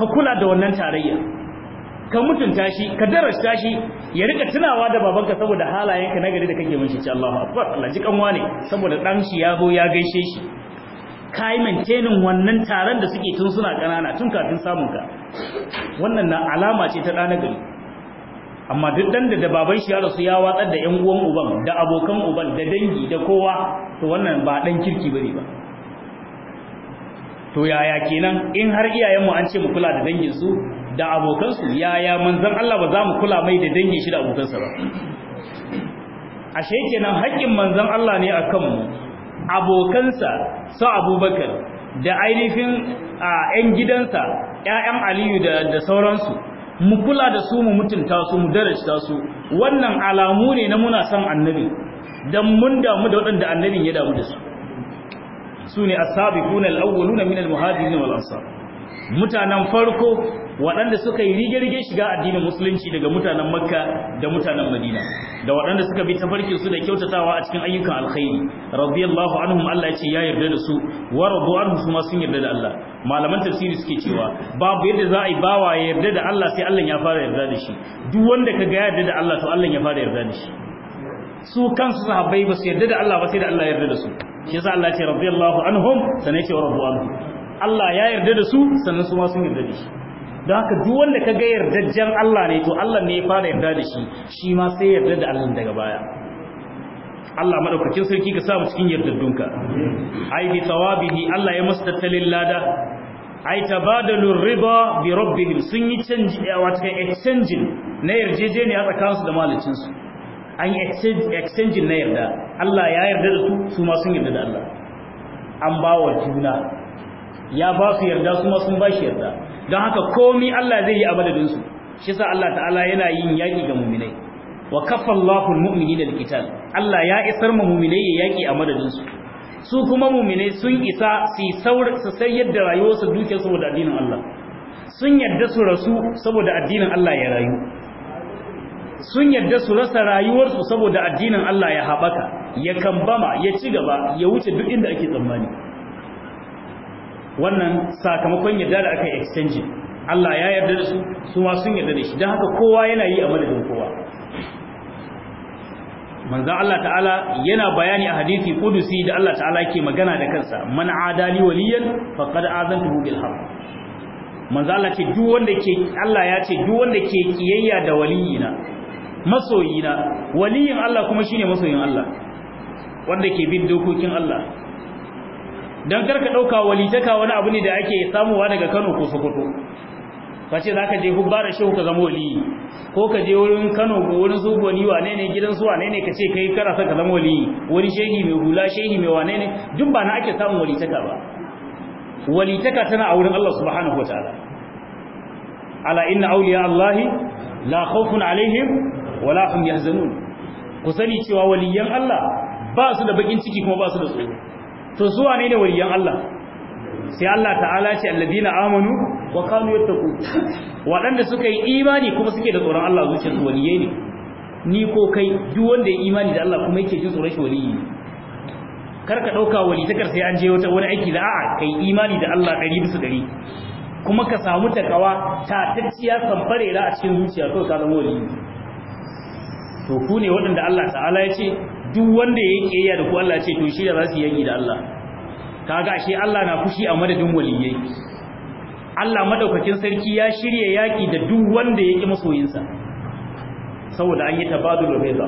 S1: ka kula da wannan tarayya ka mutunta shi ka darasta shi ya rika tunawa da babanka saboda halayenka na gari da kake shi ce Allahu akbar Allah ji kanwa ne saboda dan shi ya zo ya gaishe shi kai maintaining wannan taron da suke tun suna kanana tun kafin samun ka wannan na alama ce ta dana gari amma duk dan da baban shi ya rasu ya watsar da yan uwan uban da abokan uban da dangi da kowa to wannan ba dan kirki bane ba to yaya kenan in har iyayenmu an ce mu kula da dangin su da abokansu yaya manzon Allah ba za mu kula mai da dangin shi da abokansa ba ashe kenan haƙƙin manzan Allah ne a kanmu abokansa su abubakar da ainihin ‘yan gidansa ‘ya'yan aliyu da sauransu mu kula da su mu mutunta su mu darajta su wannan alamu ne na muna son annabi don mun damu da waɗanda annabin ya damu da su su ne as-sabiquna al-awwaluna min muhajirin wal mutanen farko waɗanda suka yi rige-rige shiga addinin musulunci daga mutanen makka da mutanen madina da waɗanda suka bi tafarkin su da kyautatawa a cikin ayyukan alkhairi radiyallahu anhum Allah ya ce ya yarda da su wa radu anhu su ma sun yarda da Allah malaman tafsiri suke cewa babu yadda za a yi bawa ya yarda da Allah sai Allah ya fara yarda da shi duk wanda ka ga yarda da Allah to Allah ya fara yarda da shi su kansu sahabbai ba su yarda da Allah ba sai da Allah ya yarda da su shi yasa Allah ce radiyallahu anhum sanai ce rabbu anhu Allah ya yarda da su sannan su ma sun yarda da shi don haka duk wanda ka ga yardajjen Allah ne to Allah ne ya fara yarda da shi shi ma sai yarda da Allah daga baya Allah madaukakin sarki ka sa mu cikin yardaddunka ai bi tawabihi Allah ya masa tattalin lada ai tabadalu riba bi rabbihim sun yi canji wato exchanging na yarjejeniya tsakaninsu da su an yi exchange na yarda Allah ya yarda da su su ma sun yarda da Allah an ba wa juna ya ba su yarda su ma sun ba shi yarda don haka komi Allah zai yi a madadin su shi sa Allah ta'ala yana yin yaki ga muminai wa kafa mumini da alqital Allah ya isar mu muminai ya yaki a madadin su su kuma muminai sun isa su saur su sai yadda rayuwarsu duke saboda addinin Allah sun yarda su rasu saboda addinin Allah ya rayu sun yadda su rasa rayuwarsu saboda addinin Allah ya haɓaka ya kambama ya ci gaba ya wuce duk inda ake tsammani wannan sakamakon yadda da aka exchange Allah ya yarda da su su ma sun yarda da shi don haka kowa yana yi a madadin kowa manzan Allah ta'ala yana bayani a hadisi kudusi da Allah ta'ala ke magana da kansa man adali waliyan faqad azantu bil haqq manzan Allah ce duk wanda ke Allah ya ce duk wanda ke kiyayya da waliyina masoyina waliyin Allah kuma shine masoyin Allah wanda ke bin dokokin Allah dan karka dauka walitaka wani abu ne da ake samuwa daga Kano ko Sokoto kace zaka je hubba da shehu ka zama wali ko ka je wurin Kano ko wurin su wane ne gidan su wane ne kace kai kara saka zama wali wani shehi mai hula shehi mai wane ne duk ba na ake samu walitaka ba walitaka tana a wurin Allah subhanahu wataala ala inna awliya allahi la khawfun alaihim wala hum yahzanun ku sani cewa waliyan Allah ba su da bakin ciki kuma ba su da tsoro to su wane ne waliyan Allah sai Allah ta'ala ce alladina amanu wa kanu yattaqu waɗanda suka yi imani kuma suke da tsoron Allah zuciyar su waliyai ne ni ko kai duk wanda ya imani da Allah kuma yake jin tsoron shi waliyi kar ka dauka wali takar sai an je wata wani aiki da a'a kai imani da Allah 100 bisa 100 kuma ka samu takawa ta tacciya sambarera a cikin zuciya to ka zama waliyi to ku ne waɗanda Allah ta'ala ya ce duk wanda ya kiyaya da ku Allah ya ce to shi da za su yaki da Allah kaga ashe Allah na fushi a madadin waliyai Allah madaukakin sarki ya shirya yaki da duk wanda ya ki masoyinsa saboda an yi tabadul bayda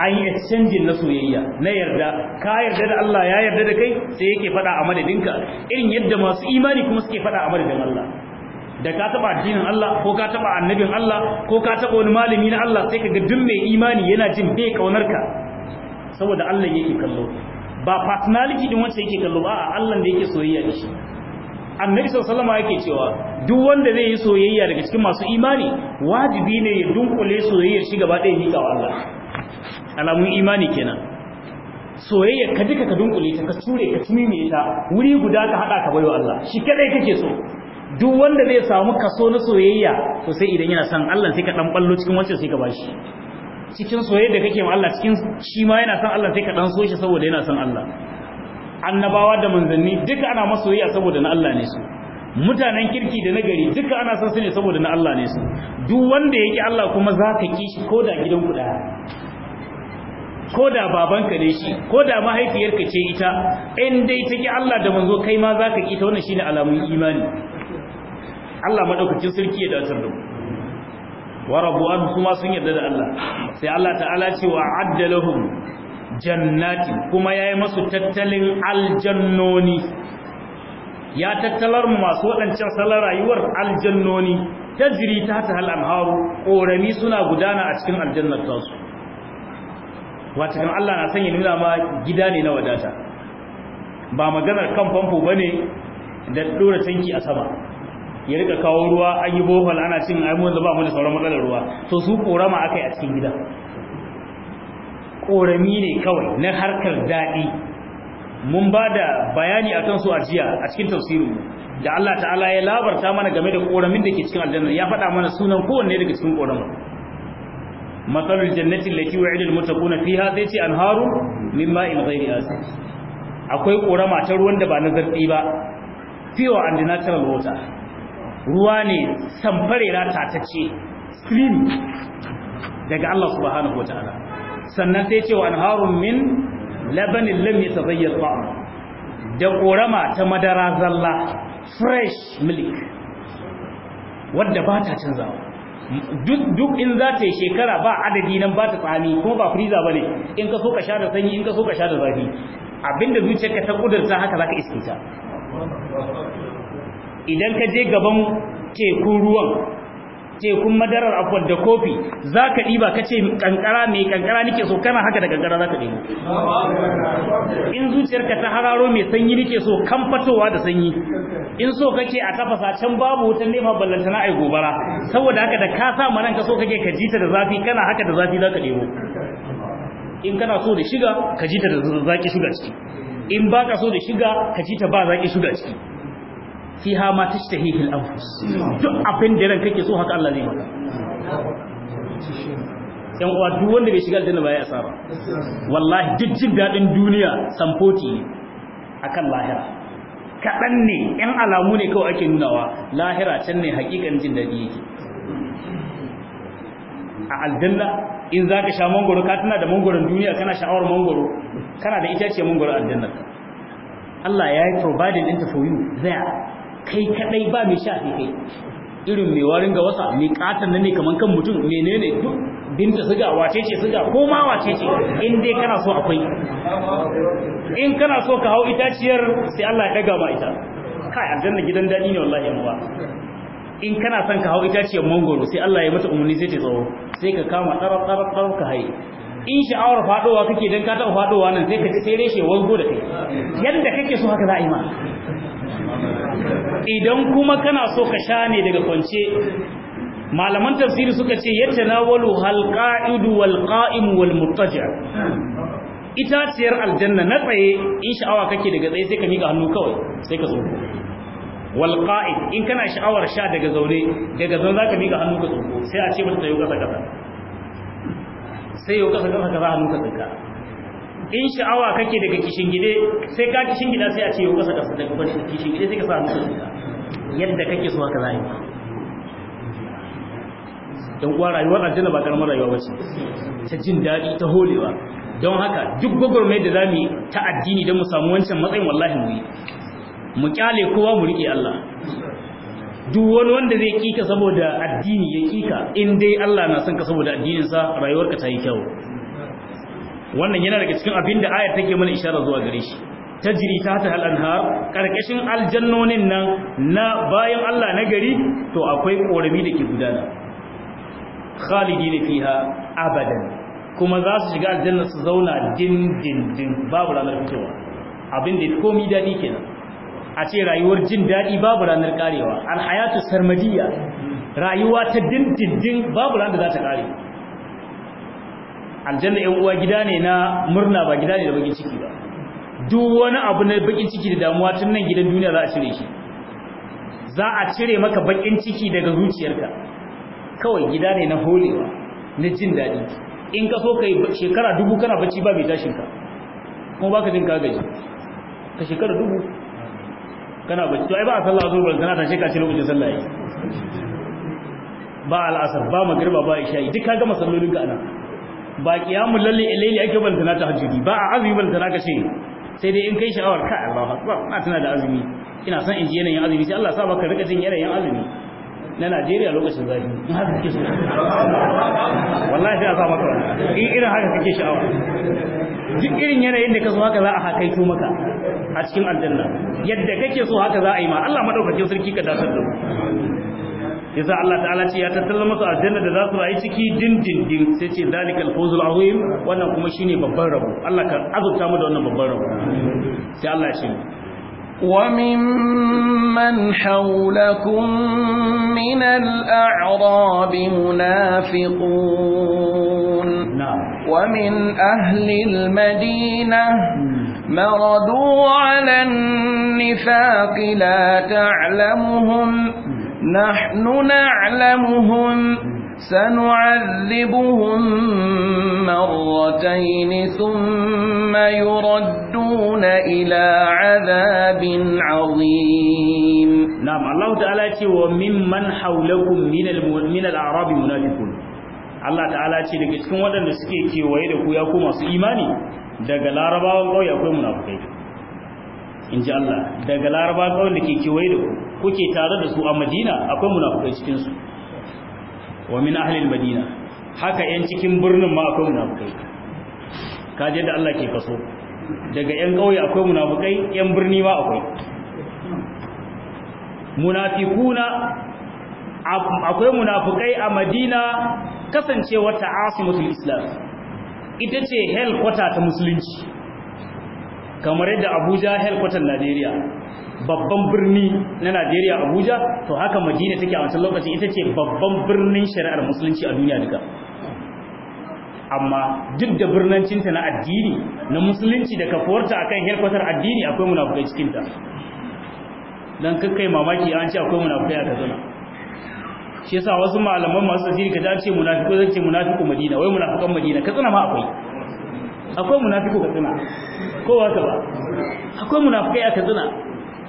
S1: an yi exchange na soyayya na yarda ka yarda da Allah ya yarda da kai sai yake faɗa a ka? irin yadda masu imani kuma suke faɗa a madadin Allah da ka taba addinin Allah ko ka taba annabin Allah ko ka taba wani malami na Allah sai kaga duk mai imani yana jin bai kaunar ka saboda Allah yake kallo ba personality din wanda yake kallo ba Allah da yake soyayya da shi annabi sallallahu alaihi yake cewa duk wanda zai yi soyayya daga cikin masu imani wajibi ne ya dunkule soyayyar shi gaba ɗaya mika Allah alamun imani kenan soyayya ka duka ka dunkule ta ka ture ka tumi ta wuri guda ka hada ka baiwa Allah shi kadai kake so duk wanda zai samu kaso na soyayya to sai idan yana son Allah sai ka dan ballo cikin wancan sai ka bashi cikin soyayya da kake ma Allah cikin shi ma yana son Allah sai ka dan so shi saboda yana son Allah annabawa da manzanni duka ana masoyiya saboda na Allah ne su mutanen kirki da na gari duka ana son su ne saboda na Allah ne su duk wanda yake Allah kuma za ka ki shi koda gidan ku daya koda babanka ne shi koda mahaifiyarka ce ita in dai take Allah da manzo kai ma za ka ki ta wannan shine alamun imani Allah madaukakin sarki ya datar da mu wa rabu an kuma sun yarda da Allah sai Allah ta'ala ce wa adda lahum jannati kuma yayi masu tattalin aljannoni ya tattalar masu wadancan salon rayuwar aljannoni tajri ta ta hal anharu ƙorani suna gudana a cikin aljannar tasu wato kan Allah na sanya nuna ma gida ne na wadata ba maganar kan famfo bane da dora tanki a sama ya rika kawo ruwa an yi bohol ana cin ai da ba mu da sauran matsalar ruwa to su korama akai a cikin gida korami ne kawai na harkar daɗi mun ba da bayani akan su a jiya a cikin tafsirin da Allah ta'ala ya labarta mana game da koramin da ke cikin aljanna ya faɗa mana sunan kowanne daga cikin korama matsalul jannatin lati wa'ida almuttaquna fiha sai ce anharu min ma'in ghairi akwai korama ta ruwan da ba na zarfi ba fiwa and natural water ruwa ne samfarera tace stream daga Allah subhanahu wa ta'ala sannan sai ce wa anharun min labanin ta zayyar ba'a da korama ta madara zalla fresh milk wadda ba ta canza duk in za ta yi shekara ba adadi nan ba ta tsami kuma ba friza ba ne in ka so ka sha da sanyi in ka so ka sha da zafi abinda zuciyarka ta kudurta haka za ka iske ta idan ka je gaban tekun ruwan tekun madarar akwai da kofi za ka ɗiba ka ce ƙanƙara mai ƙanƙara nike so kana haka da ƙanƙara za ka ɗiba in zuciyarka ta hararo mai sanyi nike so kan fatowa da sanyi in so kake a tafasa can babu wutan nema ballantana ai gobara saboda haka da ka sa manan ka so kake ka jita da zafi kana haka da zafi za ka ɗebo in kana so da shiga ka jita da zaki shiga ciki in ka so da shiga ka jita ba zaki shiga ciki fiha ma tashtahihi al-anfus duk abin da ran kake so haka Allah zai maka yan uwa duk wanda bai shiga aljanna ba ya asara wallahi duk jin dadin duniya Sampoti ne akan lahira kaɗan ne yan alamu ne kawai ake nunawa lahira can ne hakikan jin daɗi yake a aljanna in za ka sha mangoro ka tana da mangoron duniya kana sha'awar mangoro kana da itace mangoro aljanna Allah ya yi providing ɗinta for you there kai kadai ba mai sha kai irin mai warin ga wasa mai katan ne kaman kan mutum menene duk binta suga wace ce suga ko ma wace ce in dai kana so akwai in kana so ka hau itaciyar sai Allah ya daga ma ita kai aljanna gidan dadi ne wallahi in ba in kana son ka hau itaciyar mangoro sai Allah ya mata umarni sai ta tsawo sai ka kama tsarab tsarab tsarab ka haye in sha'awar fadowa kake dan ka taɓa fadowa nan sai ka ci sai reshe wango da kai yadda kake so haka za a yi ma idan kuma kana so ka sha ne daga kwance malaman tafsiri suka ce yadda na walu halƙa'idu muttaja ita itaciyar aljanna na tsaye in sha'awa kake daga tsaye sai ka miƙa hannu kawai sai ka tsoko qa'id in kana sha'awar sha daga zaune daga zaune za ka miƙa hannu ka tsoko sai a ce mata tsayo kasa-kasa, sai yau kasa-kasa ka za hannu ka tsaka. in sha'awa kake daga kishin gide sai ka kishin gida sai a ce yau kasa kasa daga kishin gide sai ka sa musu yadda kake so haka zai dan uwa rayuwar aljanna ba karamar rayuwa bace ta jin daɗi ta holewa don haka duk gwagwarmai da zamu ta addini don mu samu wancan matsayin wallahi mu yi mu kyale kowa mu riƙe Allah duk wani wanda zai kika saboda addini ya kika in dai Allah na son ka saboda addininsa rayuwarka ta yi kyau wannan yana daga cikin abin da ayar take mana isharar zuwa gare shi tajri ta ta al-anhar karkashin aljannonin nan na bayan Allah na gari to akwai korami da ke gudana khalidina fiha abadan kuma za su shiga aljanna su zauna din din din babu ranar fitowa abin da komi dadi kenan a ce rayuwar jin dadi babu ranar karewa al-hayatu rayuwa ta din din din babu ranar da za ta kare aljanna yan uwa gida ne na murna ba gida ne da bakin ciki ba duk wani abu na bakin ciki da damuwa tun nan gidan duniya za a cire shi za a cire maka bakin ciki daga zuciyarka kawai gida ne na holewa na jin daɗi in ka so kai shekara dubu kana bacci ba mai tashin ka kuma baka jin ka gaji ka shekara dubu kana bacci to ai ba a sallah azhar ba kana tashi ka cire lokacin sallah ba al'asar ba magriba ba isha'i duk ka gama sallolin ka anan ba qiyamul lalli ilayli ake banta na hajji ba a azumi banta na ce sai dai in kai sha'awar ka Allahu akbar ina tana da azumi ina son in ji yanayin azumi sai Allah sa baka rika jin yanayin azumi na Najeriya lokacin zafi in haka kike so wallahi sai a sa maka in irin haka kike sha'awa duk irin yanayin da ka so haka za a hakaito maka a cikin aljanna yadda kake so haka za a yi ma Allah madaukakin sarki ka dasar da mu yasa Allah ta'ala ce ya tattala musu aljanna da za su rayu ciki dindindin sai ce zalikal fawzul azim wannan kuma shine babban rabo Allah kan azurta mu da wannan babban rabo sai Allah ya ce
S2: وممن حولكم munafiqun الأعراب منافقون ومن أهل المدينة مردوا على النفاق لا تعلمهم نحن نعلمهم سنعذبهم مرتين ثم يردون إلى عذاب
S1: عظيم نعم الله تعالى وممن حولكم من, من الأعراب منافقون Allah ta'ala ce daga cikin waɗanda suke kewaye da ku ya ku masu imani daga larabawan ƙauye akwai munafukai in Allah daga ke kewaye kuke tare da su a madina akwai munafukai cikin su wa min ahli madina haka yan cikin birnin ma akwai munafukai kaje da Allah ke kaso daga yan kauye akwai munafukai yan birni ma akwai munafikuna akwai munafukai a madina kasancewar ta asimatul islam ita ce helkwata ta musulunci kamar yadda abuja helkwatar najeriya babban birni na Najeriya Abuja to haka Madina take a wannan lokacin ita ce babban birnin shari'ar musulunci a duniya duka amma duk da birnancinta na addini na musulunci da kafuwarta akan helkwatar addini akwai munafukai cikin ta dan kakkai mamaki an ce akwai munafukai a Kaduna shi yasa wasu malaman masu tafsiri kaza an ce munafiku zan ce munafiku Madina wai munafikan Madina Katsina ma akwai akwai munafiku Katsina ko ka ba akwai munafukai a Katsina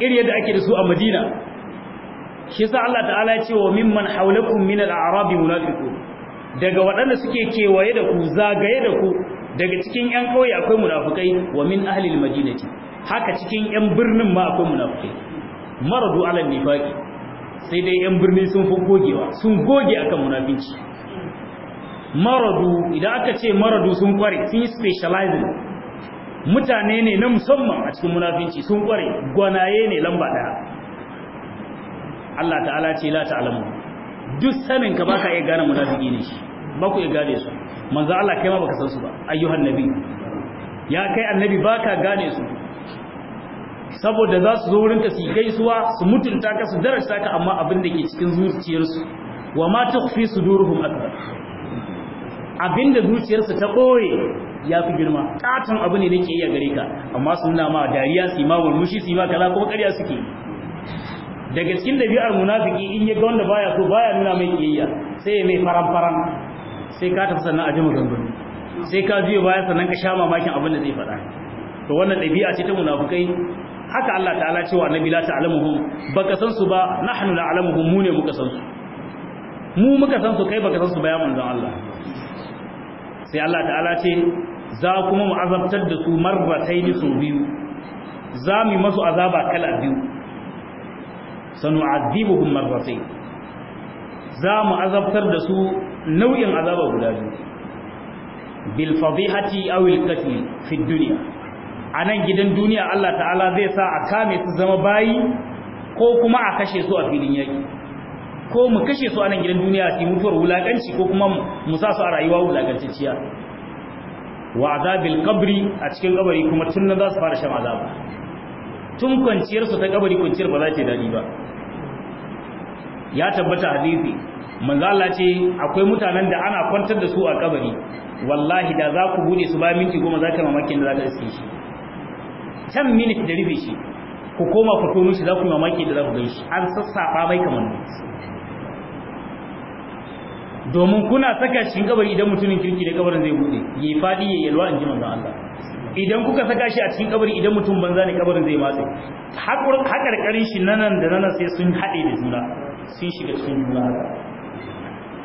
S1: iri yadda ake da su a madina shi sa Allah ta'ala ya ce wa mimman haulakum min al-a'rabi munafiqu daga waɗanda suke kewaye da ku zagaye da ku daga cikin ƴan ƙauye akwai munafukai wa min ahli al-madinati haka cikin ƴan birnin ma akwai munafukai maradu ala nifaqi sai dai ƴan birni sun fi gogewa sun goge akan munafinci maradu idan aka ce maradu sun kware sun yi specializing mutane ne na musamman a cikin munafinci sun kware gwanaye ne lamba daya Allah ta'ala ce la ta'lamu duk sanin ka baka iya gane munafiki ne shi ba ku iya gane su manzo Allah kai ma baka san su ba ayyuhan nabi ya kai annabi baka gane su saboda za su zo wurin ka su gaisuwa su mutunta ka su darasta ka amma abin da ke cikin zuciyarsu wa ma tukhfi suduruhum akbar abinda zuciyarsu ta ɓoye ya fi girma katon abu ne nake iya gare ka amma su nuna ma dariya su yi ma murmushi su yi ma kaza kuma ƙarya suke daga cikin ɗabi'ar munafiki in ya ga wanda baya so baya nuna mai kiyayya sai ya mai faran faran sai ka tafi sannan a ji maganganu sai ka juya baya sannan ka sha mamakin abin da zai faɗa to wannan ɗabi'a ce ta munafikai haka Allah ta'ala cewa annabi la ta'lamuhum baka san su ba nahnu la'lamuhum mu ne muka san su mu muka san su kai baka san su ba ya manzon Allah sai Allah ta'ala ce za kuma mu azabtar da su marrataini su biyu za mu masu azaba kala biyu azibuhum marratayn za mu azabtar da su nau'in azaba guda biyu bil fadihati aw al qatl fi dunya anan gidan duniya Allah ta'ala zai sa a kame su zama bayi ko kuma a kashe su a filin yaki ko mu kashe su anan gidan duniya su mutuwar wulakanci ko kuma mu sa su a rayuwa wulakantacciya wa azabil qabri a cikin kabari kuma tun nan za su fara shan azaba tun kwanciyar su ta kabari kwanciyar ba za ta dadi ba ya tabbata hadisi manzo Allah ce akwai mutanen da ana kwantar da su a kabari wallahi da za ku bude su ba minti goma za ka mamakin da za ka iske shi can minti da rufe shi ku koma ku tono shi za ku mamaki da za ku gan shi an sassafa mai kamar domin kuna saka shi kabari idan mutumin kirki da kabarin zai bude yi fadi ya yalwa in ji manzon Allah idan kuka saka shi a cikin kabari idan mutum banza ne kabarin zai matse hakarkarin shi nan da nan sai sun haɗe da juna sun shiga cikin juna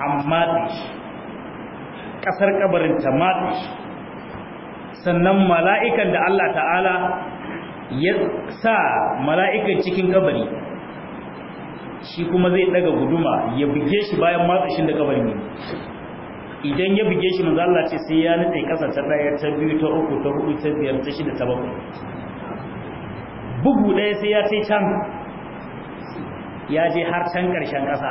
S1: amma kasar kabarin ta matse sannan mala'ikan da Allah ta'ala ya sa mala'ikan cikin kabari shi kuma zai daga guduma ya buge shi bayan matsashin da kabarin ne idan ya buge shi manzo Allah ce sai ya nutse kasa ta daya ta biyu ta uku ta hudu ta biyar ta shida ta bakwai bugu daya sai ya sai can ya je har can karshen kasa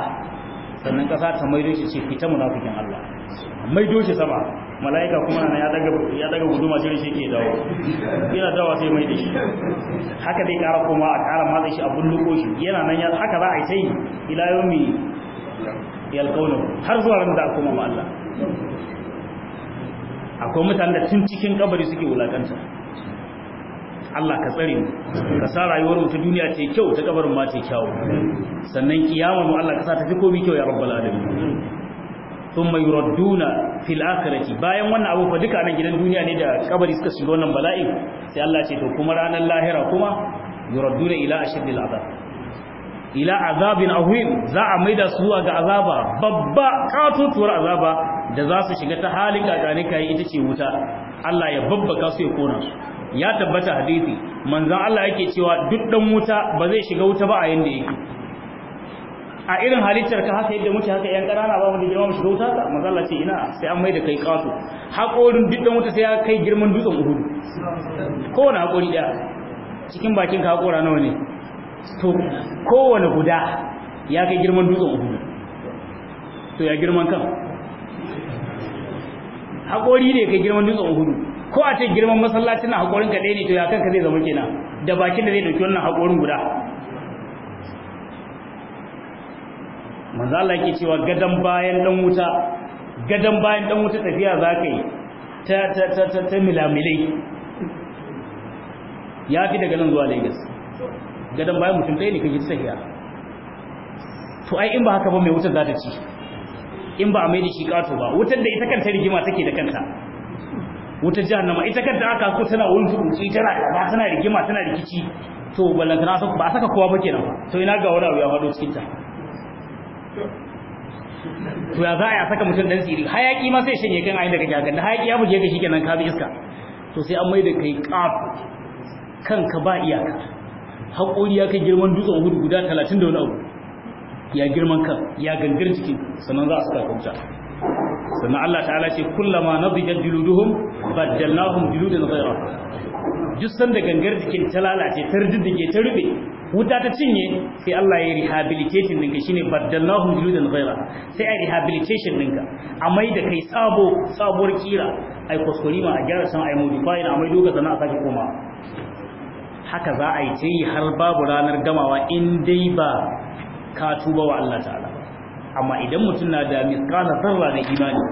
S1: sannan kasa ta maido shi ce fita munafikin Allah mai doshi sama mala'ika kuma na ya daga ya daga guduma shi shi ke dawo yana dawa sai mai da shi haka dai kara kuma a kara matsa shi a bulluko shi yana nan ya haka za a yi sai ila ya yalqawnu har zuwa ran da kuma ma Allah akwai mutanen da tun cikin kabari suke wulakanta Allah ka tsare mu ka sa rayuwar mu ta duniya ce kyau ta kabarin ma ce kyau sannan kiyamar mu Allah ka sa ta fi komai kyau ya rabbal alamin mai yuradduna fil akhirati bayan wannan abu fa duka nan gidan duniya ne da kabari suka shiga wannan bala'i sai Allah ce to kuma ranar lahira kuma yuradduna ila ashabil azab ila azabin ahwin za a maida su ga azaba babba katutuwar azaba da za su shiga ta halin kakani kai ita ce wuta Allah ya babbaka su ya kona ya tabbata hadisi manzon Allah yake cewa duk dan wuta ba zai shiga wuta ba a yanda yake a irin halittar ka haka yadda muke haka yan karana ba mu da girman mu shiga wuta ka manzo Allah ce ina sai an mai da kai kasu haƙorin duk da wuta sai ya kai girman dutsen Uhud kowane haƙori ɗaya cikin bakin ka haƙora nawa ne to kowane guda ya kai girman dutsen uhudu to ya girman kan haƙori ne kai girman dutsen uhudu ko a ce girman masallacin na haƙorin ka ɗaya ne to ya kanka zai zama kenan da bakin da zai ɗauki wannan haƙorin guda manzo Allah yake cewa gadan bayan dan wuta gadan bayan dan wuta tafiya zakai yi ta ta ta ta, ta milamilai ya fi daga nan zuwa Lagos gadan bayan mutum ɗaya ne kake tafiya to ai in ba haka ba mai wutar za ta ci in ba a mai da shi kato ba wutar da ita kanta rigima take da kanta wuta jahannama ita kanta aka ko tana wulfi ci tana ba tana rigima tana rikici to balantana ba a saka kowa ba kenan to ina ga wani abu ya faɗo cikin ta to ya za a saka mutum dan siri hayaki ma sai shanye kan ayin daga jagan da hayaki ya buje ka shi kenan ka bi iska to sai an maida kai kan kanka ba iyaka haƙori ya kai girman dutsen hudu guda talatin da wani abu ya girman kan ya gangar jiki sannan za a saka kauta sannan Allah ta'ala ce kullama nadijat juluduhum baddalnahum na ghayra duk sanda gangar jikin ta lalace ta riddige ta rube wuta ta cinye sai Allah ya rehabilitation ɗinka shine baddallahu juludan ghaira sai ai rehabilitation ɗinka a mai da kai sabo sabuwar kira ai kuskure ma a gyara san ai modify a mai doka sana a sake koma haka za a yi ta har babu ranar gamawa in dai ba ka tuba wa Allah ta'ala amma idan mutum na da misqala zarra na imani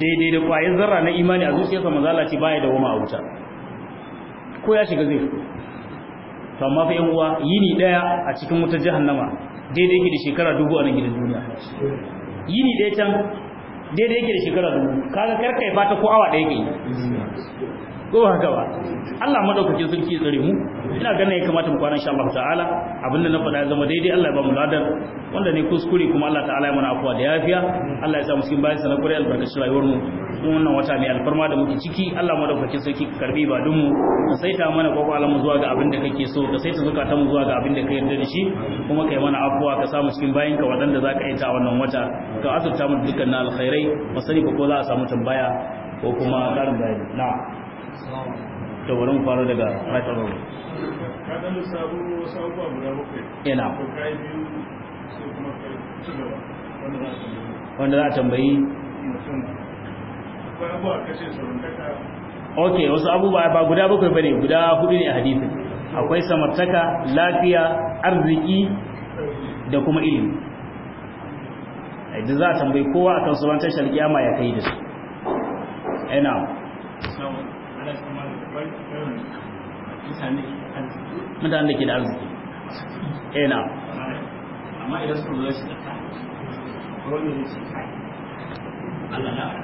S1: daidai da kwayar zarra na imani a zuciyarsa mazalaci ce baya da wama a wuta ko ya shiga zai fito to amma fa yan uwa yini daya a cikin wata jahannama daidai yake da shekara dubu a nan gidan duniya yini daya can daidai yake da shekara dubu kaga karkai fata ko awa daya kai ko haka ba Allah madaukakin sarki ya tsare mu ina ganin ya kamata mu kwana insha Allah ta'ala abinda na faɗa ya zama daidai Allah ya ba mu ladan wanda ne kuskure kuma Allah ta'ala ya mana afuwa da yafiya Allah ya sa mu cikin bayan sa na albarkacin rayuwar mu cikin wannan wata mai alfarma da muke ciki Allah mu madaukakin sarki karbi ba dun mu ka saita mana kwakwalan alamu zuwa ga abin da kake so ka saita zukatan mu zuwa ga abin da ka yarda da shi kuma kai mana afuwa ka samu cikin bayin ka wadanda zaka yi ta wannan wata ka azurta mu dukkan na alkhairai masani ko za a samu tambaya ko kuma karin bayani na to bari mu fara daga right of
S3: ka dan sabu sabu guda
S1: bakwai ina eh, ko
S3: kai biyu sai kuma kai ci gaba wanda za a tambayi
S1: ok wasu abubuwa ba guda bakwai bane guda hudu ne a hadisin akwai samartaka lafiya arziki da kuma ilimi a da za a tambayi kowa a kan tsoron tashar kiyama ya kai da su ina mutane da ke da arziki ina
S3: amma idan su zo shi da ta wani ne ce kai Allah na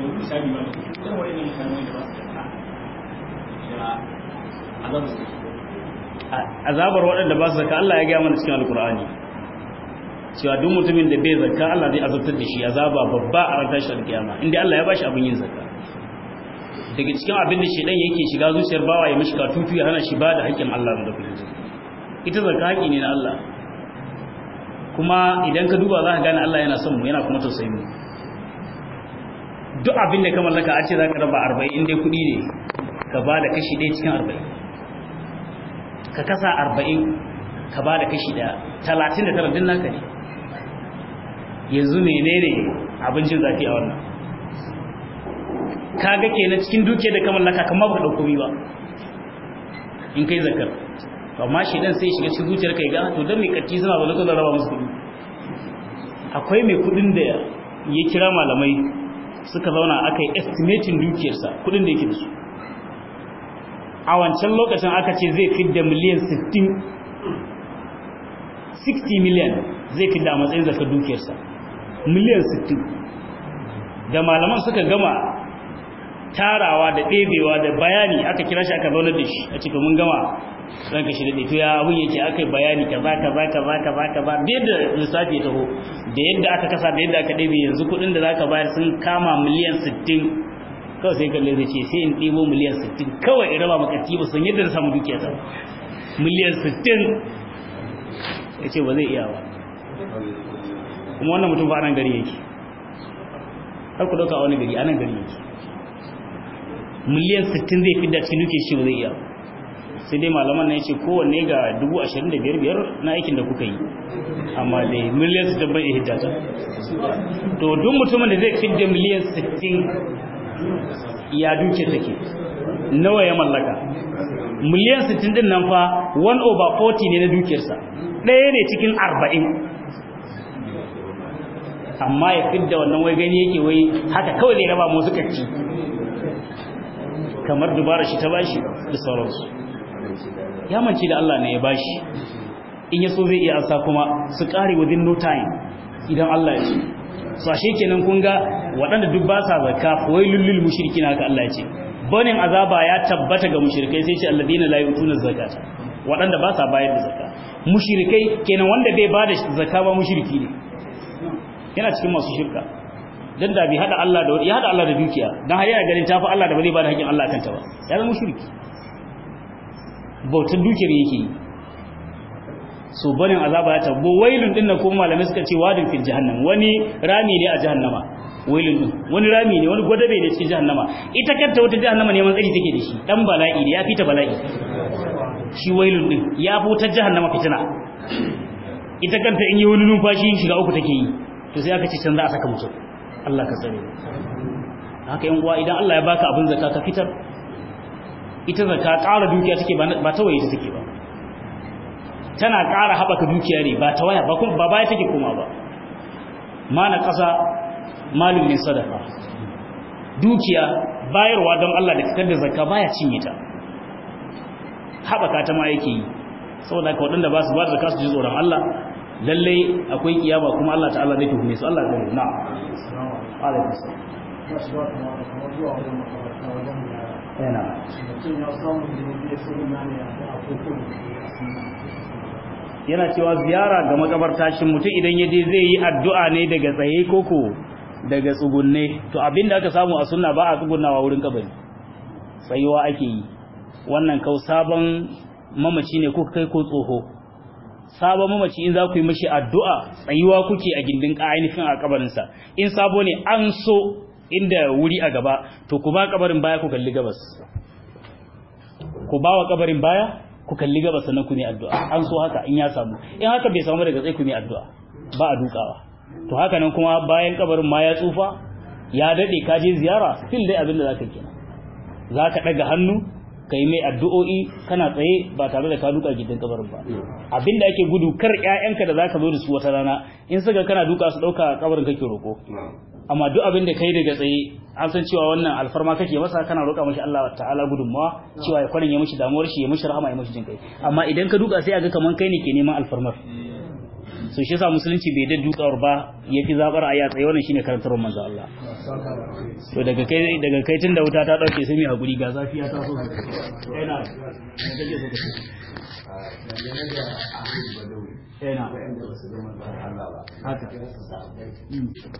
S3: ba da da
S1: ba su da azabar waɗanda ba su zaka Allah ya gaya mana cikin alkur'ani cewa duk mutumin da bai zaka Allah zai azabtar da shi azaba babba a ranar shi kiyama inda Allah ya bashi abin yin zaka. daga cikin abin da ɗan yake shiga zuciyar bawa ya mishi katutu ya hana shi ba da haƙƙin Allah da kuma ita zaka haƙƙi ne na Allah kuma idan ka duba za ka gane Allah yana son mu yana kuma tausayin mu duk abin da ka mallaka a ce za ka raba arba'in dai kuɗi ne ka ba da kashi ɗaya cikin arba'in ka kasa arba'in ka ba da kashi ɗaya talatin da tara din naka ne yanzu menene abincin zafi a wannan Ka ga kenan cikin duke da ka mallaka kamar ba ka dauko ba in kai zakar to amma shi ɗan sai shiga cikin zuciyar kai ga ah, to dan mai karti suna zo da raba musu kuɗi. akwai mai kudin da ya kira malamai suka zauna aka yi estimating dukiyarsa kudin da yake da su a wancan lokacin aka ce zai da miliyan 60 miliyan zai fi a matsayin zakar dukiyarsa miliyan 60 da malaman suka gama tarawa da ɗebewa da bayani aka kira shi aka zaunar da shi a cikin mun gama ran ka shirya to ya abun yake aka bayani kaza kaza kaza kaza kaza da yadda lissafi ya taho da yadda aka kasa da yadda aka ɗebe yanzu kuɗin da za ka bayar sun kama miliyan sittin kawai sai kalle zai ce sai in ɗebo miliyan sittin kawai in raba maka tiba san yadda na samu dukiya ta miliyan sittin ya ce ba zai iya ba kuma wannan mutum ba nan gari yake har ku ɗauka a wani gari a nan gari yake miliyan 60 zai fidda cikin duke shi zai iya sai dai malaman na yace kowanne ga 25,000 na aikin da kuka yi amma dai miliyan 60 bai hidda ta to duk mutumin da zai fidda miliyan 60 ya duke take nawa ya mallaka miliyan 60 din nan fa 1 over 40 ne na dukiyarsa ɗaya ne cikin 40 amma ya fidda wannan wai gani yake wai haka kawai zai raba musu kacci kamar dubara shi ta bashi da sauransu ya manci da Allah ne ya bashi in ya so zai iya asa kuma su kare within no time idan Allah ya ce so ashe kenan kun ga waɗanda duk ba sa zakka wai lullul mushrikin haka Allah ya ce banin azaba ya tabbata ga mushrikai sai ce alladina la yutuna zakata waɗanda ba sa bayar da zakka mushrikai kenan wanda bai bada zakka ba mushriki ne yana cikin masu shirka dan da bi hada Allah da ya hada Allah da dukiya dan har ya ganin tafi Allah da bane ba da hakkin Allah kanta ba ya zama shirki bautar dukiyar yake yi so barin azaba ya bo wailun din na ko malamai suka ce wadin fil jahannam wani rami ne a jahannama wailun din wani rami ne wani gwadabe ne cikin jahannama ita kanta wata jahannama ne man tsari take da shi dan bala'i ne ya fita bala'i shi wailun din ya fi wata jahannama fitina ita kanta in yi wani numfashi shiga uku take yi to sai aka ce can za a saka mutum Allah ka tsare haka yin uwa idan Allah ya baka abin zaka ka fitar ita zaka ƙara dukiya take ba ta waye take ba tana ƙara haɓaka dukiya ne ba ta waya ba kuma ba baya take koma ba mana ƙasa malum min sadaka dukiya bayarwa don Allah da fitar da zakka baya cinye ta haɓaka ta ma yake yi saboda ka waɗanda ba su ba da zakka su ji tsoron Allah lalle akwai kiyama kuma Allah ta'ala zai tuhume su Allah zai na yana yana cewa ziyara ga makabarta shi mutum idan ya je zai yi addu'a ne daga tsaye koko daga tsugunne to abin da aka samu a sunna ba a tsugunnawa wurin kabari tsayuwa ake yi wannan kau sabon mamaci ne ko kai ko tsoho sabon mamaci in za ku yi mashi addu'a tsayuwa kuke a gindin ainihin a kabarinsa in sabo ne an so inda wuri a gaba to ku ba kabarin baya ku kalli gabas ku ba wa kabarin baya ku kalli gabas sannan ku ne addu'a an so haka in ya samu in haka bai samu daga tsaye ku ne addu'a ba a dukawa to haka nan kuma bayan kabarin ma ya tsufa ya daɗe ka je ziyara fil dai abin da zaka kenan ka ɗaga hannu ka yi mai addu'o'i kana tsaye ba tare da ka duka gidan kabarin ba abinda ake gudu kar 'ya'yanka da za ka zo da su wata rana in suka kana duka su dauka kabarin kake roko amma duk abin da yi daga tsaye an san cewa wannan alfarma kake masa kana roƙa mashi Allah ta'ala gudunmawa cewa ya kwarin ya mashi damuwar shi ya mashi rahama ya mashi jin kai amma idan ka duka sai a ga kamar kai ne ke neman alfarmar so shi yasa musulunci bai da dukawar ba ya fi zabar a yatsa wannan shine karantar manzo Allah to daga kai daga kai tun da wuta ta dauke sai mai hakuri ga zafi ya taso yana
S3: eh, yana eh, haka